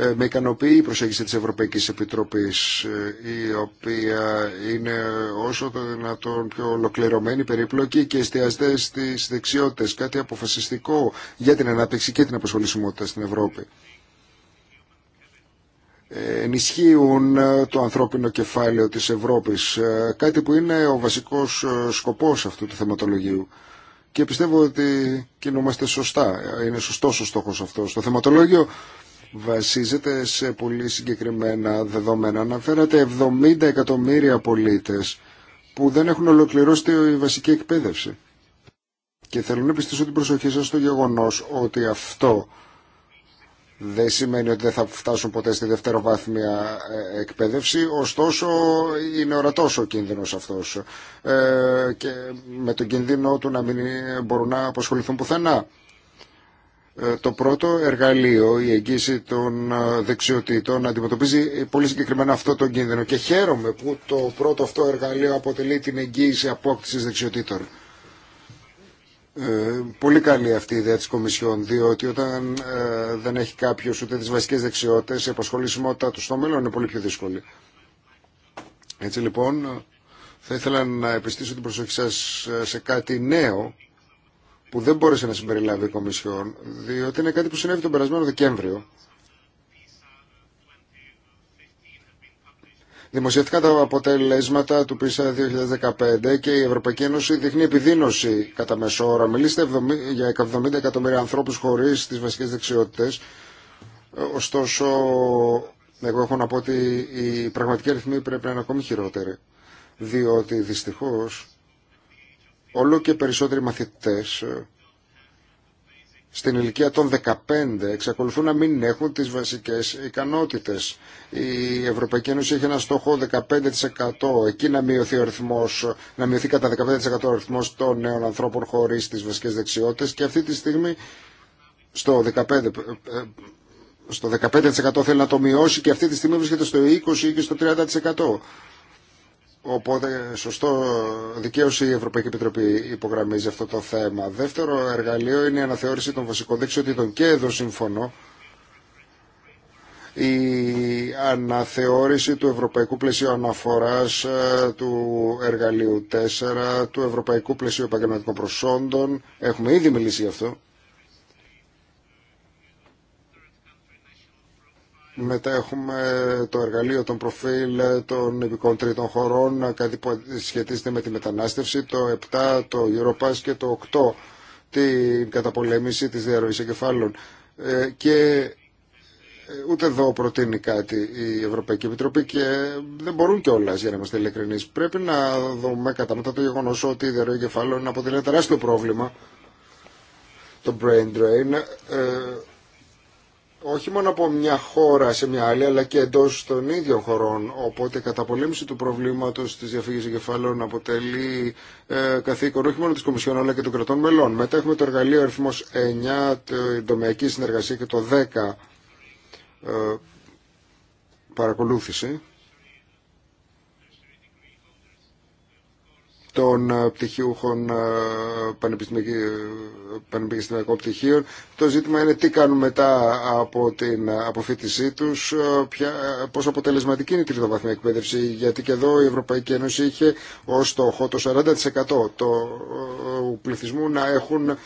Ε, με ικανοποιεί η προσέγγιση της Ευρωπαϊκής Επιτροπής ε, η οποία είναι όσο το δυνατόν πιο ολοκληρωμένη, περίπλοκη και εστιαστέ στις δεξιότητες, κάτι αποφασιστικό για την ανάπτυξη και την αποσχολησιμότητα στην Ευρώπη. Ε, ενισχύουν το ανθρώπινο κεφάλαιο της Ευρώπης, κάτι που είναι ο βασικός σκοπός αυτού του θεματολογίου και πιστεύω ότι κινούμαστε σωστά. Είναι σωστός ο στόχος αυτός. Το θεματολόγιο βασίζεται σε πολύ συγκεκριμένα δεδομένα. Αναφέρατε 70 εκατομμύρια πολίτες που δεν έχουν ολοκληρώσει τη βασική εκπαίδευση. Και θέλω να πιστήσω την προσοχή σας στο γεγονός ότι αυτό δεν σημαίνει ότι δεν θα φτάσουν ποτέ στη δευτεροβάθμια ε, εκπαίδευση, ωστόσο είναι ορατός ο κίνδυνος αυτός ε, και με τον κίνδυνο του να μην μπορούν να αποσχοληθούν πουθενά. Ε, το πρώτο εργαλείο, η εγγύηση των ε, δεξιοτήτων, αντιμετωπίζει πολύ συγκεκριμένα αυτό τον κίνδυνο και χαίρομαι που το πρώτο αυτό εργαλείο αποτελεί την εγγύηση απόκτησης δεξιοτήτων. Ε, πολύ καλή αυτή η ιδέα της Κομισιόν, διότι όταν δεν έχει κάποιος ούτε τις βασικές δεξιότητες, η απασχολησιμότητά του στο μέλλον είναι πολύ πιο δύσκολη. Έτσι λοιπόν, θα ήθελα να επιστήσω την προσοχή σας σε κάτι νέο που δεν μπόρεσε να συμπεριλάβει η Κομισιόν, διότι είναι κάτι που συνέβη τον περασμένο Δεκέμβριο. Δημοσιεύτηκαν τα αποτελέσματα του ΠΙΣΑ 2015 και η Ευρωπαϊκή Ένωση δείχνει επιδείνωση κατά μέσο όρο. Μιλήστε για 70 εκατομμύρια ανθρώπους χωρίς τις βασικές δεξιότητες. Ωστόσο, εγώ έχω να πω ότι η πραγματική αριθμή πρέπει να είναι ακόμη χειρότερη, Διότι δυστυχώς όλο και περισσότεροι μαθητές ε, στην ηλικία των 15 εξακολουθούν να μην έχουν τις βασικές ικανότητες. Η Ευρωπαϊκή Ένωση έχει ένα στόχο 15% εκεί να μειωθεί, ο να μειωθεί κατά 15% ο αριθμός των νέων ανθρώπων χωρίς τις βασικές δεξιότητες και αυτή τη στιγμή στο 15%, ε, ε, στο 15 θέλει να το μειώσει και αυτή τη στιγμή βρίσκεται στο 20% ή και στο 30%. Οπότε, σωστό, δικαίωση η Ευρωπαϊκή Επιτροπή υπογραμμίζει αυτό το θέμα. Δεύτερο εργαλείο είναι η αναθεώρηση των βασικών δεξιοτήτων και εδώ συμφωνώ. Η αναθεώρηση του Ευρωπαϊκού Πλαισίου Αναφοράς ε, του Εργαλείου 4, του Ευρωπαϊκού Πλαισίου Επαγγελματικών Προσόντων. Έχουμε ήδη μιλήσει γι' αυτό. Μετά έχουμε το εργαλείο των προφίλ των επικών τρίτων χωρών, κάτι που σχετίζεται με τη μετανάστευση, το 7, το Europass και το 8, την καταπολέμηση της διαρροής εγκεφάλων. Ε, και ε, ούτε εδώ προτείνει κάτι η Ευρωπαϊκή Επιτροπή και δεν μπορούν κιόλα για να είμαστε ειλικρινεί. Πρέπει να δούμε κατά μετά το γεγονό ότι η διαρροή εγκεφάλων αποτελεί τεράστιο πρόβλημα το brain drain ε, όχι μόνο από μια χώρα σε μια άλλη, αλλά και εντό των ίδιων χωρών. Οπότε η καταπολέμηση του προβλήματο τη διαφύγης εγκεφάλων αποτελεί ε, καθήκον όχι μόνο της Κομισιόν, αλλά και των κρατών μελών. Μετά έχουμε το εργαλείο αριθμό 9, την τομεακή συνεργασία και το 10 ε, παρακολούθηση. των ε, πτυχίουχων ε, ε, πανεπιστημιακών πτυχίων. Το ζήτημα είναι τι κάνουν μετά από την αποφύτισή τους, ποια, πόσο αποτελεσματική είναι η τριτοβαθμία εκπαίδευση, γιατί και εδώ η Ευρωπαϊκή Ένωση είχε ως στόχο το 40% του πληθυσμού να έχουν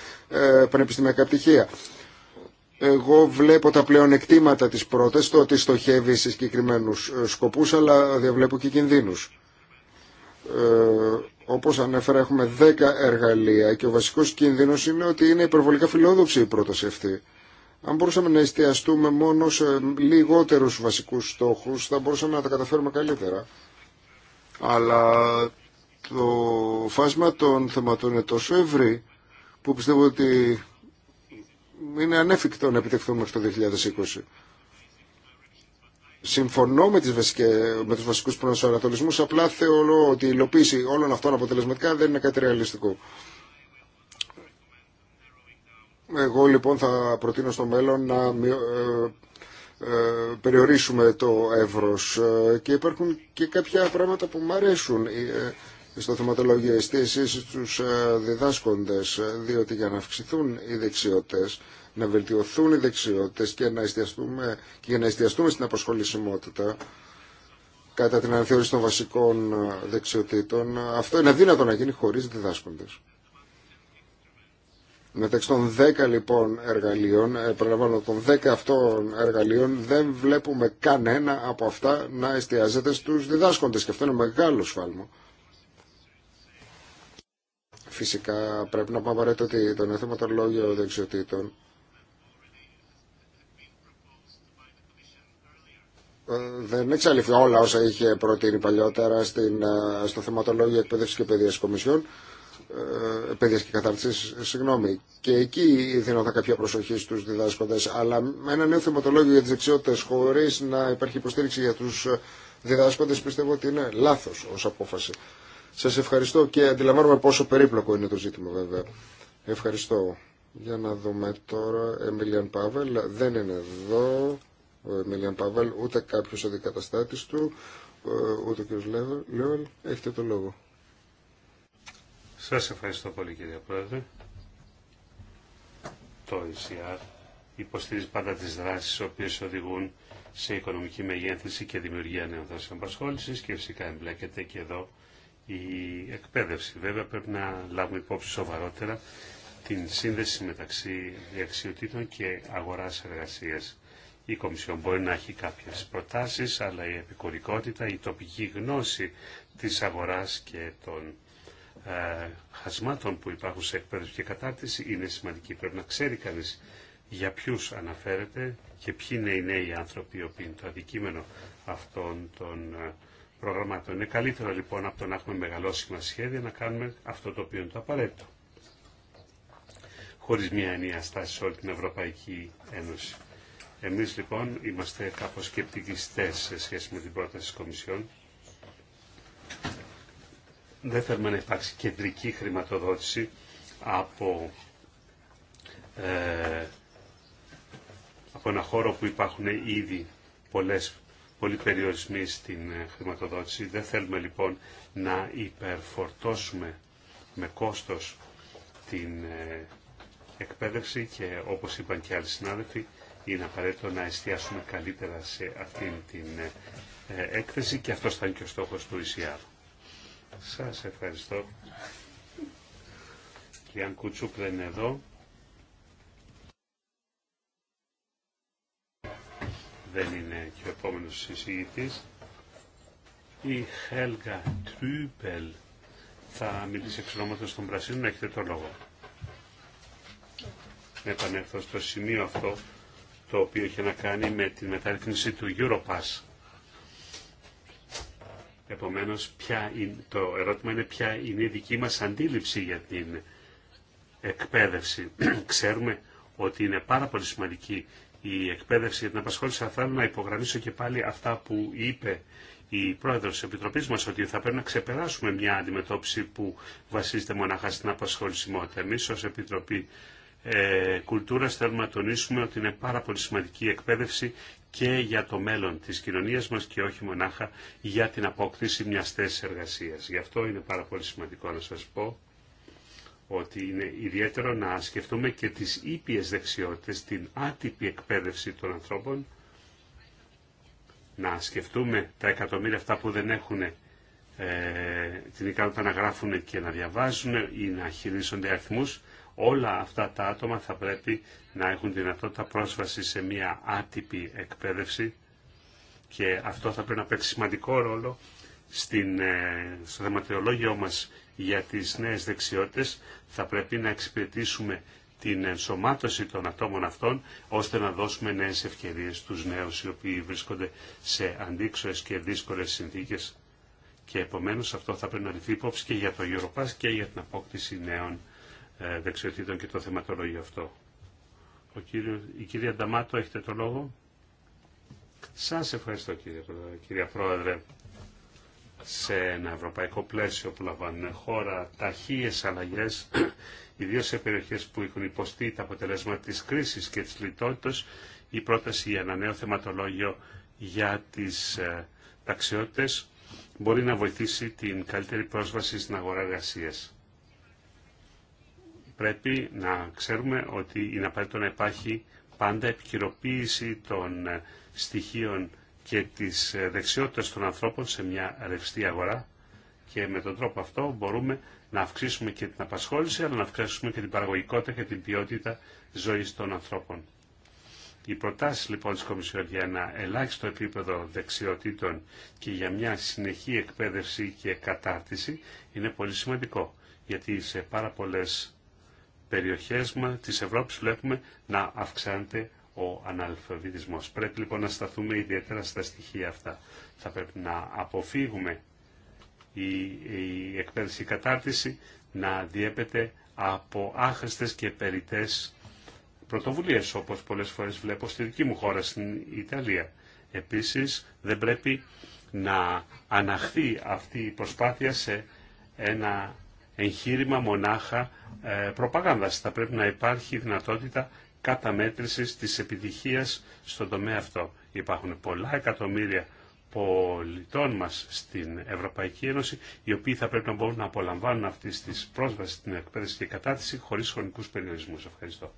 πανεπιστημιακά πτυχία. Εγώ βλέπω τα πλέον εκτίματα της πρώτης, το ότι στοχεύει σε συγκεκριμένους σκοπούς, αλλά διαβλέπω και κινδύνους. Ε, όπως ανέφερα έχουμε 10 εργαλεία και ο βασικός κίνδυνος είναι ότι είναι υπερβολικά φιλόδοξη η πρόταση αυτή. Αν μπορούσαμε να εστιαστούμε μόνο σε λιγότερους βασικούς στόχους θα μπορούσαμε να τα καταφέρουμε καλύτερα. Αλλά το φάσμα των θεματών είναι τόσο ευρύ που πιστεύω ότι είναι ανέφικτο να επιτευχθούμε στο 2020. Συμφωνώ με, τις βασικέ, με τους βασικούς προσανατολισμούς, απλά θεωρώ ότι η υλοποίηση όλων αυτών αποτελεσματικά δεν είναι κάτι ρεαλιστικό. Εγώ λοιπόν θα προτείνω στο μέλλον να ε, ε, περιορίσουμε το εύρος ε, και υπάρχουν και κάποια πράγματα που μου αρέσουν στο θεματολόγιο εστίασης στους διδάσκοντες διότι για να αυξηθούν οι δεξιότητες να βελτιωθούν οι δεξιότητες και, να εστιαστούμε, και για να εστιαστούμε στην απασχολησιμότητα κατά την αναθεώρηση των βασικών ε, δεξιοτήτων. Αυτό είναι αδύνατο να γίνει χωρίς διδάσκοντες. Μεταξύ των 10 λοιπόν εργαλείων, ε, προλαμβάνω των 10 αυτών εργαλείων, δεν βλέπουμε κανένα από αυτά να εστιάζεται στους διδάσκοντες και αυτό είναι μεγάλο σφάλμα. Φυσικά πρέπει να πω απαραίτητο ότι το νέο θεματολόγιο δεξιοτήτων Ε, δεν εξαλειφθεί όλα όσα είχε προτείνει παλιότερα στην, ε, στο θεματολόγιο εκπαίδευση και παιδεία κομισιών ε, παιδεία και κατάρτιση, συγγνώμη. Και εκεί δίνονταν κάποια προσοχή στου διδάσκοντε. αλλά ένα νέο θεματολόγιο για τι δεξιότητε χωρί να υπάρχει υποστήριξη για του διδάσκοντε, πιστεύω ότι είναι λάθο ω απόφαση. Σα ευχαριστώ και αντιλαμβάνομαι πόσο περίπλοκο είναι το ζήτημα βέβαια. Ευχαριστώ. Για να δούμε τώρα, Εμίλιαν Πάβελ δεν είναι εδώ. Εμίλιαν Παβέλ, ούτε κάποιος αντικαταστάτης του, ε, ούτε ο κ. Λέολ. Έχετε το λόγο. Σας ευχαριστώ πολύ κύριε Πρόεδρε. Το ECR υποστηρίζει πάντα τις δράσεις οι οποίες οδηγούν σε οικονομική μεγέθυνση και δημιουργία νέων θέσεων απασχόλησης και φυσικά εμπλέκεται και εδώ η εκπαίδευση. Βέβαια πρέπει να λάβουμε υπόψη σοβαρότερα την σύνδεση μεταξύ διαξιοτήτων και αγοράς εργασίας. Η Κομισιόν μπορεί να έχει κάποιες προτάσεις, αλλά η επικουρικότητα, η τοπική γνώση της αγοράς και των ε, χασμάτων που υπάρχουν σε εκπαίδευση και κατάρτιση είναι σημαντική. Πρέπει να ξέρει κανείς για ποιους αναφέρεται και ποιοι είναι οι νέοι άνθρωποι οι οποίοι είναι το αντικείμενο αυτών των ε, προγραμμάτων. Είναι καλύτερο λοιπόν από το να έχουμε μεγαλώσιμα σχέδια να κάνουμε αυτό το οποίο είναι το απαραίτητο. Χωρίς μια ενιαία στάση σε όλη την Ευρωπαϊκή Ένωση. Εμείς λοιπόν είμαστε κάπως σκεπτικιστές σε σχέση με την πρόταση της Κομισιόν. Δεν θέλουμε να υπάρξει κεντρική χρηματοδότηση από, ε, από ένα χώρο που υπάρχουν ήδη πολλές, πολλοί περιορισμοί στην ε, χρηματοδότηση. Δεν θέλουμε λοιπόν να υπερφορτώσουμε με κόστος την ε, εκπαίδευση και όπως είπαν και άλλοι συνάδελφοι είναι απαραίτητο να εστιάσουμε καλύτερα σε αυτήν την ε, έκθεση και αυτό θα είναι και ο στόχος του ECR. Σας ευχαριστώ. Και αν Κουτσούκ δεν είναι εδώ, δεν είναι και ο επόμενος συζήτης. Η Χέλγα Τρούπελ. θα μιλήσει εξ ονόματος των Πρασίνων. Έχετε το λόγο. Επανέλθω στο σημείο αυτό το οποίο είχε να κάνει με τη μεταρρύθμιση του Europass. Επομένως, το ερώτημα είναι ποια είναι η δική μας αντίληψη για την εκπαίδευση. Ξέρουμε ότι είναι πάρα πολύ σημαντική η εκπαίδευση για την απασχόληση. Θα να υπογραμμίσω και πάλι αυτά που είπε η πρόεδρο τη Επιτροπή μα, ότι θα πρέπει να ξεπεράσουμε μια αντιμετώπιση που βασίζεται μονάχα στην απασχολησιμότητα. Εμεί ω Επιτροπή ε, κουλτούρα θέλουμε να τονίσουμε ότι είναι πάρα πολύ σημαντική η εκπαίδευση και για το μέλλον της κοινωνίας μας και όχι μονάχα για την απόκτηση μιας θέσης εργασίας. Γι' αυτό είναι πάρα πολύ σημαντικό να σας πω ότι είναι ιδιαίτερο να σκεφτούμε και τις ήπιες δεξιότητες, την άτυπη εκπαίδευση των ανθρώπων, να σκεφτούμε τα εκατομμύρια αυτά που δεν έχουν ε, την ικανότητα να γράφουν και να διαβάζουν ή να χειρίζονται αριθμούς, όλα αυτά τα άτομα θα πρέπει να έχουν δυνατότητα πρόσβαση σε μια άτυπη εκπαίδευση και αυτό θα πρέπει να παίξει σημαντικό ρόλο στην, ε, στο θεματολόγιο μας για τις νέες δεξιότητες θα πρέπει να εξυπηρετήσουμε την ενσωμάτωση των ατόμων αυτών ώστε να δώσουμε νέες ευκαιρίες στους νέους οι οποίοι βρίσκονται σε αντίξωες και δύσκολες συνθήκες και επομένως αυτό θα πρέπει να ληφθεί υπόψη και για το Europass και για την απόκτηση νέων ε, δεξιοτήτων και το θεματολόγιο αυτό. Ο κύριο, η κυρία Νταμάτο, έχετε το λόγο. Σας ευχαριστώ κύριε, κυρία Πρόεδρε. Σε ένα ευρωπαϊκό πλαίσιο που λαμβάνουν χώρα ταχύες αλλαγές, ιδίω σε περιοχές που έχουν υποστεί τα αποτελέσματα της κρίσης και της λιτότητας, η πρόταση για ένα νέο θεματολόγιο για τις ε, ταξιότητες μπορεί να βοηθήσει την καλύτερη πρόσβαση στην αγορά εργασία πρέπει να ξέρουμε ότι είναι απαραίτητο να υπάρχει πάντα επικυροποίηση των ε, στοιχείων και της ε, δεξιότητας των ανθρώπων σε μια ρευστή αγορά και με τον τρόπο αυτό μπορούμε να αυξήσουμε και την απασχόληση αλλά να αυξήσουμε και την παραγωγικότητα και την ποιότητα ζωής των ανθρώπων. Οι προτάσεις λοιπόν της Κομισιόν για ένα ελάχιστο επίπεδο δεξιοτήτων και για μια συνεχή εκπαίδευση και κατάρτιση είναι πολύ σημαντικό γιατί σε πάρα πολλές περιοχές μα, της Ευρώπης βλέπουμε να αυξάνεται ο αναλφαβητισμός. Πρέπει λοιπόν να σταθούμε ιδιαίτερα στα στοιχεία αυτά. Θα πρέπει να αποφύγουμε η, η εκπαίδευση, η κατάρτιση να διέπεται από άχρηστες και περιττές πρωτοβουλίες, όπως πολλές φορές βλέπω στη δική μου χώρα, στην Ιταλία. Επίσης, δεν πρέπει να αναχθεί αυτή η προσπάθεια σε ένα εγχείρημα μονάχα ε, προπαγάνδας. Θα πρέπει να υπάρχει δυνατότητα καταμέτρησης της επιτυχίας στον τομέα αυτό. Υπάρχουν πολλά εκατομμύρια πολιτών μας στην Ευρωπαϊκή Ένωση, οι οποίοι θα πρέπει να μπορούν να απολαμβάνουν αυτή τη πρόσβαση στην εκπαίδευση και κατάρτιση χωρίς χρονικούς περιορισμούς. Ευχαριστώ.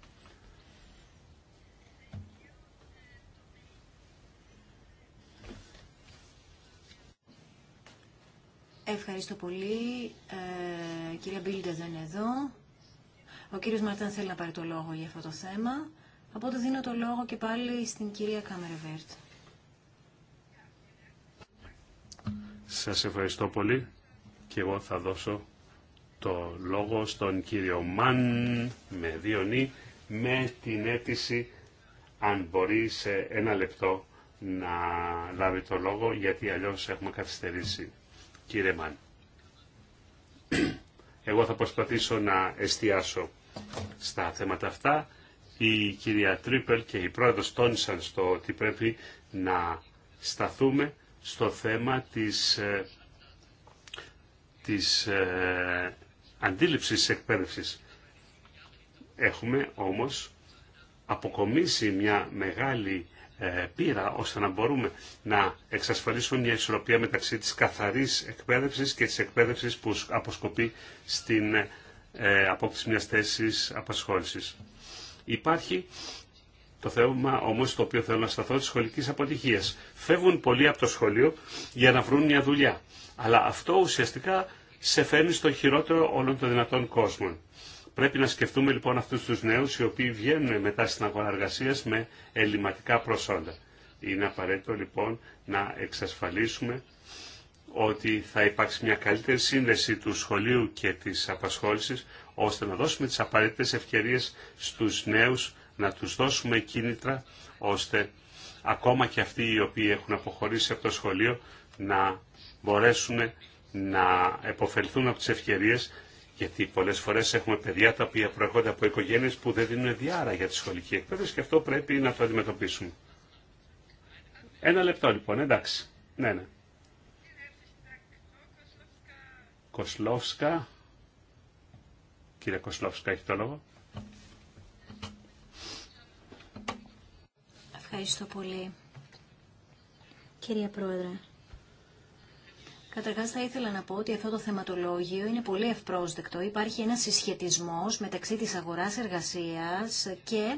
Ευχαριστώ πολύ. Ε, κυρία Μπίλντα δεν είναι εδώ. Ο κύριος Μαρτάν θέλει να πάρει το λόγο για αυτό το θέμα. Οπότε δίνω το λόγο και πάλι στην κυρία Κάμερεβέρτ. Σας ευχαριστώ πολύ και εγώ θα δώσω το λόγο στον κύριο Μαν με δύο με την αίτηση αν μπορεί σε ένα λεπτό να λάβει το λόγο γιατί αλλιώς έχουμε καθυστερήσει κύριε Μαν. Εγώ θα προσπαθήσω να εστιάσω στα θέματα αυτά. Η κυρία Τρίπελ και η πρόεδρος τόνισαν στο ότι πρέπει να σταθούμε στο θέμα της, ε, της ε, αντίληψης εκπαίδευσης. Έχουμε όμως αποκομίσει μια μεγάλη ε, πείρα ώστε να μπορούμε να εξασφαλίσουμε μια ισορροπία μεταξύ της καθαρής εκπαίδευσης και της εκπαίδευσης που αποσκοπεί στην ε, απόκτηση μιας θέσης απασχόλησης. Υπάρχει το θέμα όμως το οποίο θέλω να σταθώ της σχολικής αποτυχίας. Φεύγουν πολλοί από το σχολείο για να βρουν μια δουλειά. Αλλά αυτό ουσιαστικά σε φέρνει στο χειρότερο όλων των δυνατών κόσμων. Πρέπει να σκεφτούμε λοιπόν αυτούς τους νέους οι οποίοι βγαίνουν μετά στην αγορά εργασία με ελληματικά προσόντα. Είναι απαραίτητο λοιπόν να εξασφαλίσουμε ότι θα υπάρξει μια καλύτερη σύνδεση του σχολείου και της απασχόλησης ώστε να δώσουμε τις απαραίτητες ευκαιρίες στους νέους, να τους δώσουμε κίνητρα ώστε ακόμα και αυτοί οι οποίοι έχουν αποχωρήσει από το σχολείο να μπορέσουν να επωφελθούν από τις ευκαιρίες γιατί πολλέ φορέ έχουμε παιδιά τα οποία προέρχονται από οικογένειε που δεν δίνουν διάρα για τη σχολική εκπαίδευση και αυτό πρέπει να το αντιμετωπίσουμε. Ένα λεπτό λοιπόν, εντάξει. Ναι, ναι. Κοσλόφσκα. Κύριε Κοσλόφσκα, έχει το λόγο. Ευχαριστώ πολύ. Κύριε Πρόεδρε, Καταρχά θα ήθελα να πω ότι αυτό το θεματολόγιο είναι πολύ ευπρόσδεκτο. Υπάρχει ένα συσχετισμός μεταξύ τη αγορά εργασία και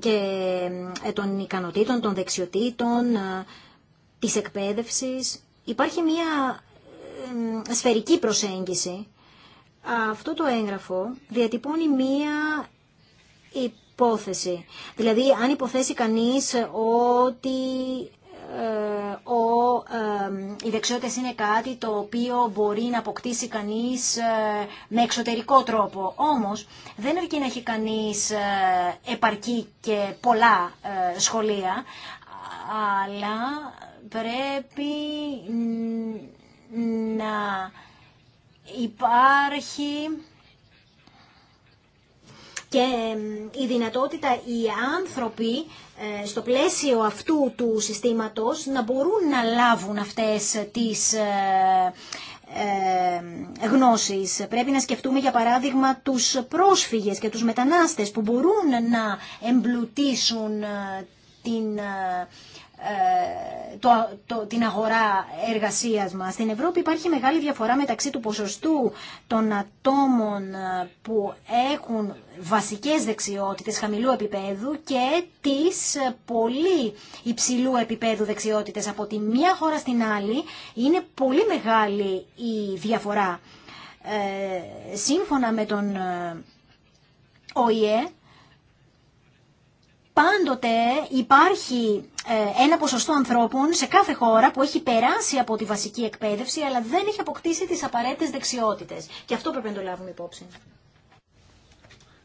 και ε, των ικανοτήτων, των δεξιοτήτων, ε, της εκπαίδευσης. Υπάρχει μια ε, σφαιρική προσέγγιση. Αυτό το έγγραφο διατυπώνει μία υπόθεση. Δηλαδή, αν υποθέσει κανείς ότι ε, ο, οι δεξιότητες είναι κάτι το οποίο μπορεί να αποκτήσει κανείς ε, με εξωτερικό τρόπο. Όμως δεν αρκεί να έχει κανείς ε, επαρκή και πολλά σχολεία, αλλά πρέπει να υπάρχει και η δυνατότητα οι άνθρωποι ε, στο πλαίσιο αυτού του συστήματος να μπορούν να λάβουν αυτές τις ε, ε, γνώσεις. Πρέπει να σκεφτούμε για παράδειγμα τους πρόσφυγες και τους μετανάστες που μπορούν να εμπλουτίσουν την ε, το, το, την αγορά εργασίας μας. Στην Ευρώπη υπάρχει μεγάλη διαφορά μεταξύ του ποσοστού των ατόμων ε, που έχουν βασικές δεξιότητες χαμηλού επίπεδου και τις ε, πολύ υψηλού επίπεδου δεξιότητες. Από τη μία χώρα στην άλλη είναι πολύ μεγάλη η διαφορά. σύμφωνα με τον ΟΗΕ, πάντοτε υπάρχει ε, ένα ποσοστό ανθρώπων σε κάθε χώρα που έχει περάσει από τη βασική εκπαίδευση αλλά δεν έχει αποκτήσει τις απαραίτητες δεξιότητες. Και αυτό πρέπει να το λάβουμε υπόψη.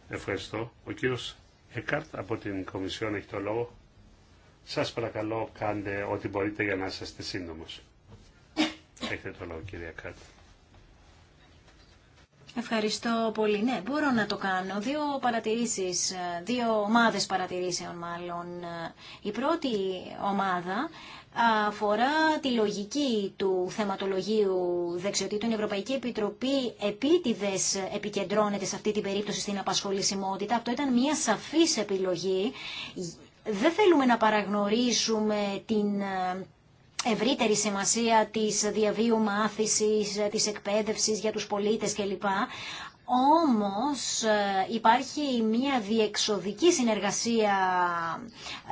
Ευχαριστώ. Ο κύριος Εκάρτ από την Κομισιόν έχει το λόγο. Σας παρακαλώ κάντε ό,τι μπορείτε για να είστε σύντομος. Έχετε το λόγο κύριε Εκάρτ. Ευχαριστώ πολύ. Ναι, μπορώ να το κάνω. Δύο παρατηρήσεις, δύο ομάδες παρατηρήσεων μάλλον. Η πρώτη ομάδα αφορά τη λογική του θεματολογίου δεξιοτήτων. Η Ευρωπαϊκή Επιτροπή επίτηδες επικεντρώνεται σε αυτή την περίπτωση στην απασχολησιμότητα. Αυτό ήταν μια σαφής επιλογή. Δεν θέλουμε να παραγνωρίσουμε την ευρύτερη σημασία της διαβίου μάθησης, της εκπαίδευσης για τους πολίτες κλπ όμως ε, υπάρχει μια διεξοδική συνεργασία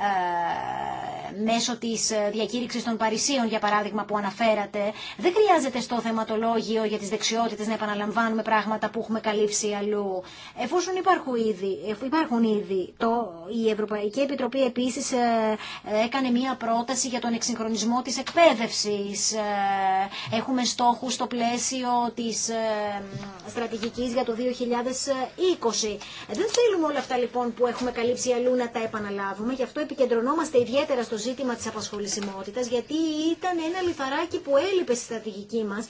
ε, μέσω της ε, διακήρυξης των Παρισίων, για παράδειγμα, που αναφέρατε. Δεν χρειάζεται στο θεματολόγιο για τις δεξιότητες να επαναλαμβάνουμε πράγματα που έχουμε καλύψει αλλού. Εφόσον υπάρχουν ήδη, υπάρχουν ήδη το, η Ευρωπαϊκή Επιτροπή επίσης ε, έκανε μια πρόταση για τον εξυγχρονισμό της εκπαίδευσης. έχουμε στόχους στο πλαίσιο της στρατηγικής το 2020. Ε, δεν θέλουμε όλα αυτά λοιπόν που έχουμε καλύψει αλλού να τα επαναλάβουμε, γι' αυτό επικεντρωνόμαστε ιδιαίτερα στο ζήτημα τη απασχολησιμότητα, γιατί ήταν ένα λιθαράκι που έλειπε στη στρατηγική μα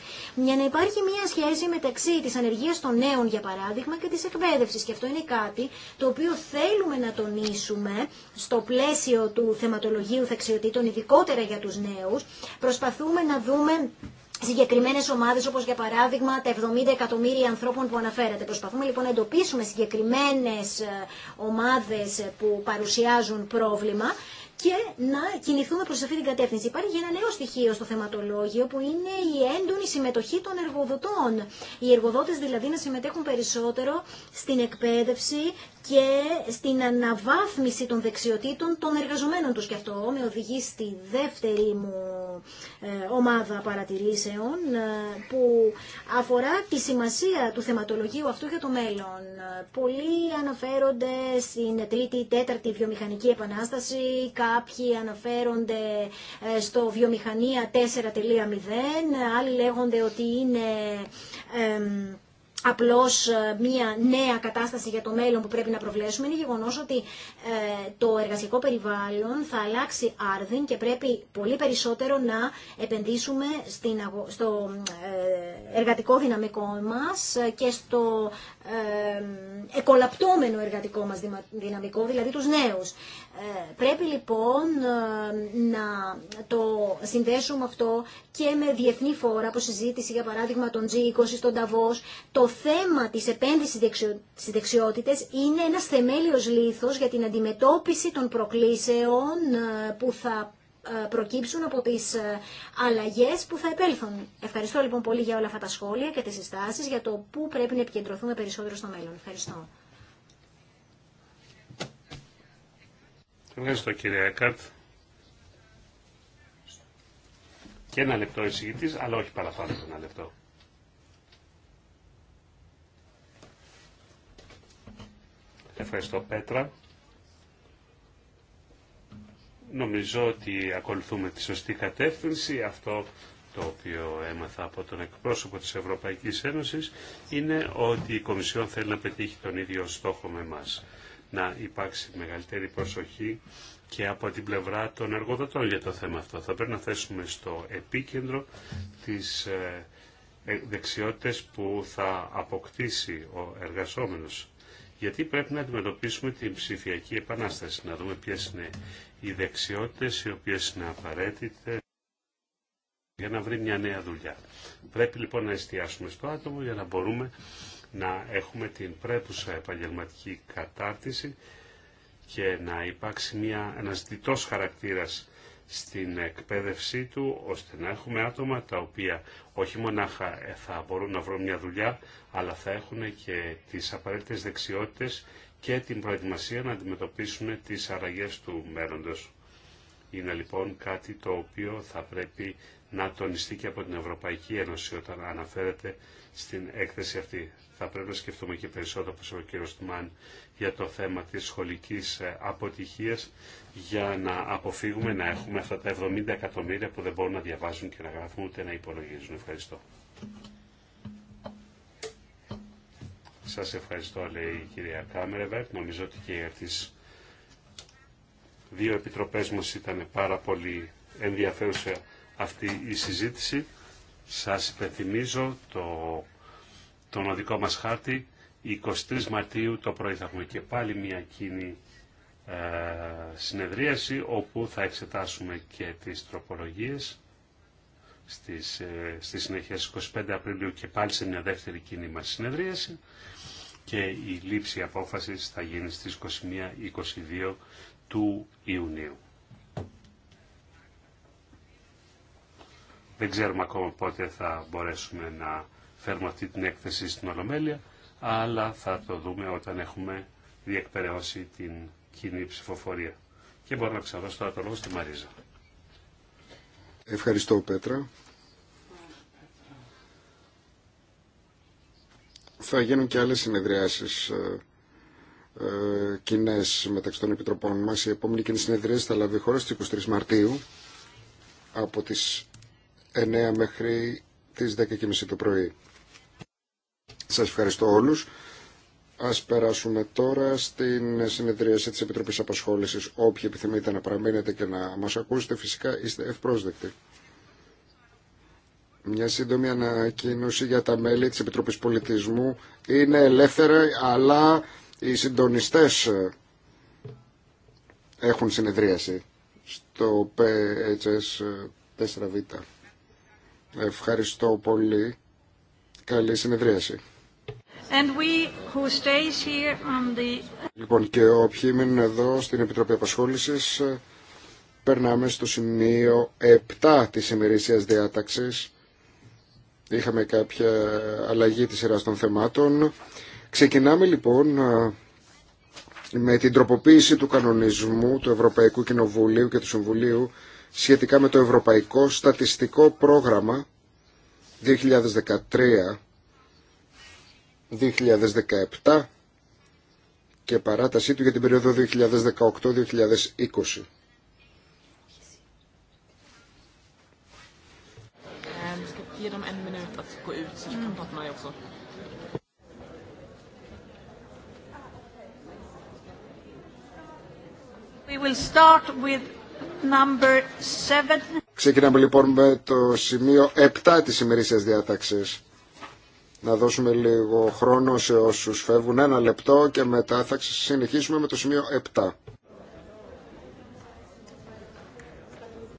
για να υπάρχει μια σχέση μεταξύ τη ανεργία των νέων, για παράδειγμα, και τη εκπαίδευση. Και αυτό είναι κάτι το οποίο θέλουμε να τονίσουμε στο πλαίσιο του θεματολογίου δεξιοτήτων, ειδικότερα για του νέου, Προσπαθούμε να δούμε Συγκεκριμένε ομάδες όπως για παράδειγμα τα 70 εκατομμύρια ανθρώπων που αναφέρατε. Προσπαθούμε λοιπόν να εντοπίσουμε συγκεκριμένες ε, ομάδες ε, που παρουσιάζουν πρόβλημα και να κινηθούμε προς αυτή την κατεύθυνση. Υπάρχει ένα νέο στοιχείο στο θεματολόγιο που είναι η έντονη συμμετοχή των εργοδοτών. Οι εργοδότες δηλαδή να συμμετέχουν περισσότερο στην εκπαίδευση και στην αναβάθμιση των δεξιοτήτων των εργαζομένων τους. Και αυτό με οδηγεί στη δεύτερη μου ε, ομάδα παρατηρήσεων ε, που αφορά τη σημασία του θεματολογίου αυτού για το μέλλον. Πολλοί αναφέρονται στην τρίτη ή τέταρτη βιομηχανική επανάσταση, κάποιοι αναφέρονται ε, στο βιομηχανία 4.0, άλλοι λέγονται ότι είναι απλώς ε, μία νέα κατάσταση για το μέλλον που πρέπει να προβλέψουμε είναι γεγονός ότι ε, το εργασιακό περιβάλλον θα αλλάξει άρδιν και πρέπει πολύ περισσότερο να επενδύσουμε στο ε, εργατικό δυναμικό μας και στο εκολαπτώμενο εργατικό μας δυναμικό, δηλαδή τους νέους. Πρέπει λοιπόν να το συνδέσουμε αυτό και με διεθνή φόρα, από συζήτηση για παράδειγμα των G20 στον Ταβός, το θέμα της επένδυσης στις δεξιότητες είναι ένας θεμέλιος λίθος για την αντιμετώπιση των προκλήσεων ε, που θα ε, προκύψουν από τις ε, αλλαγές που θα επέλθουν. Ευχαριστώ λοιπόν πολύ για όλα αυτά τα σχόλια και τις συστάσεις για το πού πρέπει να επικεντρωθούμε περισσότερο στο μέλλον. Ευχαριστώ. Ευχαριστώ κύριε Έκαρτ. Και ένα λεπτό εισηγητής, αλλά όχι παραπάνω από ένα λεπτό. Ευχαριστώ Πέτρα. Νομίζω ότι ακολουθούμε τη σωστή κατεύθυνση. Αυτό το οποίο έμαθα από τον εκπρόσωπο της Ευρωπαϊκής Ένωσης είναι ότι η Κομισιόν θέλει να πετύχει τον ίδιο στόχο με μας. Να υπάρξει μεγαλύτερη προσοχή και από την πλευρά των εργοδοτών για το θέμα αυτό. Θα πρέπει να θέσουμε στο επίκεντρο τις ε, δεξιότητες που θα αποκτήσει ο εργασόμενος γιατί πρέπει να αντιμετωπίσουμε την ψηφιακή επανάσταση, να δούμε ποιε είναι οι δεξιότητες οι οποίες είναι απαραίτητε για να βρει μια νέα δουλειά. Πρέπει λοιπόν να εστιάσουμε στο άτομο για να μπορούμε να έχουμε την πρέπουσα επαγγελματική κατάρτιση και να υπάρξει μια, ένας διτός χαρακτήρας στην εκπαίδευσή του, ώστε να έχουμε άτομα τα οποία όχι μονάχα ε, θα μπορούν να βρουν μια δουλειά, αλλά θα έχουν και τις απαραίτητες δεξιότητες και την προετοιμασία να αντιμετωπίσουν τις αραγές του μέλλοντος. Είναι λοιπόν κάτι το οποίο θα πρέπει να τονιστεί και από την Ευρωπαϊκή Ένωση όταν αναφέρεται στην έκθεση αυτή. Θα πρέπει να σκεφτούμε και περισσότερο, όπως ο κύριος Τουμάν, για το θέμα της σχολικής ε, αποτυχίας, για να αποφύγουμε να έχουμε αυτά τα 70 εκατομμύρια που δεν μπορούν να διαβάζουν και να γράφουν ούτε να υπολογίζουν. Ευχαριστώ. Σας ευχαριστώ, λέει η κυρία Κάμερεβερ. Νομίζω ότι και για τις δύο επιτροπές μας ήταν πάρα πολύ ενδιαφέρουσα αυτή η συζήτηση. Σας υπενθυμίζω το, τον οδικό μας χάρτη. 23 Μαρτίου το πρωί θα έχουμε και πάλι μια κίνη ε, συνεδρίαση όπου θα εξετάσουμε και τις τροπολογίες στις, ε, στη συνέχεια 25 Απριλίου και πάλι σε μια δεύτερη κίνη μας συνεδρίαση και η λήψη απόφασης θα γίνει στις 21-22 του Ιουνίου. Δεν ξέρουμε ακόμα πότε θα μπορέσουμε να φέρουμε αυτή την έκθεση στην Ολομέλεια, αλλά θα το δούμε όταν έχουμε διεκπαιρεώσει την κοινή ψηφοφορία. Και μπορώ να ξαναδώσω τώρα το λόγο στη Μαρίζα. Ευχαριστώ, Πέτρα. Θα γίνουν και άλλες συνεδριάσεις ε, ε κοινέ μεταξύ των επιτροπών μας. Η επόμενη κοινή συνεδρίαση θα λάβει χώρα στις 23 Μαρτίου από τις 9 μέχρι τις 10.30 το πρωί. Σας ευχαριστώ όλους. Ας περάσουμε τώρα στην συνεδρίαση της Επιτροπής Απασχόλησης. Όποιοι επιθυμείτε να παραμείνετε και να μας ακούσετε, φυσικά είστε ευπρόσδεκτοι. Μια σύντομη ανακοίνωση για τα μέλη της Επιτροπής Πολιτισμού. Είναι ελεύθερα, αλλά οι συντονιστές έχουν συνεδρίαση στο PHS 4β. Ευχαριστώ πολύ. Καλή συνεδρίαση. And we who stays here on the... Λοιπόν, και όποιοι μείνουν εδώ στην Επιτροπή Απασχόλησης, περνάμε στο σημείο 7 της ημερήσιας διάταξης. Είχαμε κάποια αλλαγή της σειράς των θεμάτων. Ξεκινάμε λοιπόν με την τροποποίηση του κανονισμού του Ευρωπαϊκού Κοινοβουλίου και του Συμβουλίου σχετικά με το Ευρωπαϊκό Στατιστικό Πρόγραμμα 2013-2017 και παράτασή του για την περίοδο 2018-2020. Ξεκινάμε λοιπόν με το σημείο 7 της ημερήσιας διάταξης. Να δώσουμε λίγο χρόνο σε όσους φεύγουν ένα λεπτό και μετά θα συνεχίσουμε με το σημείο 7.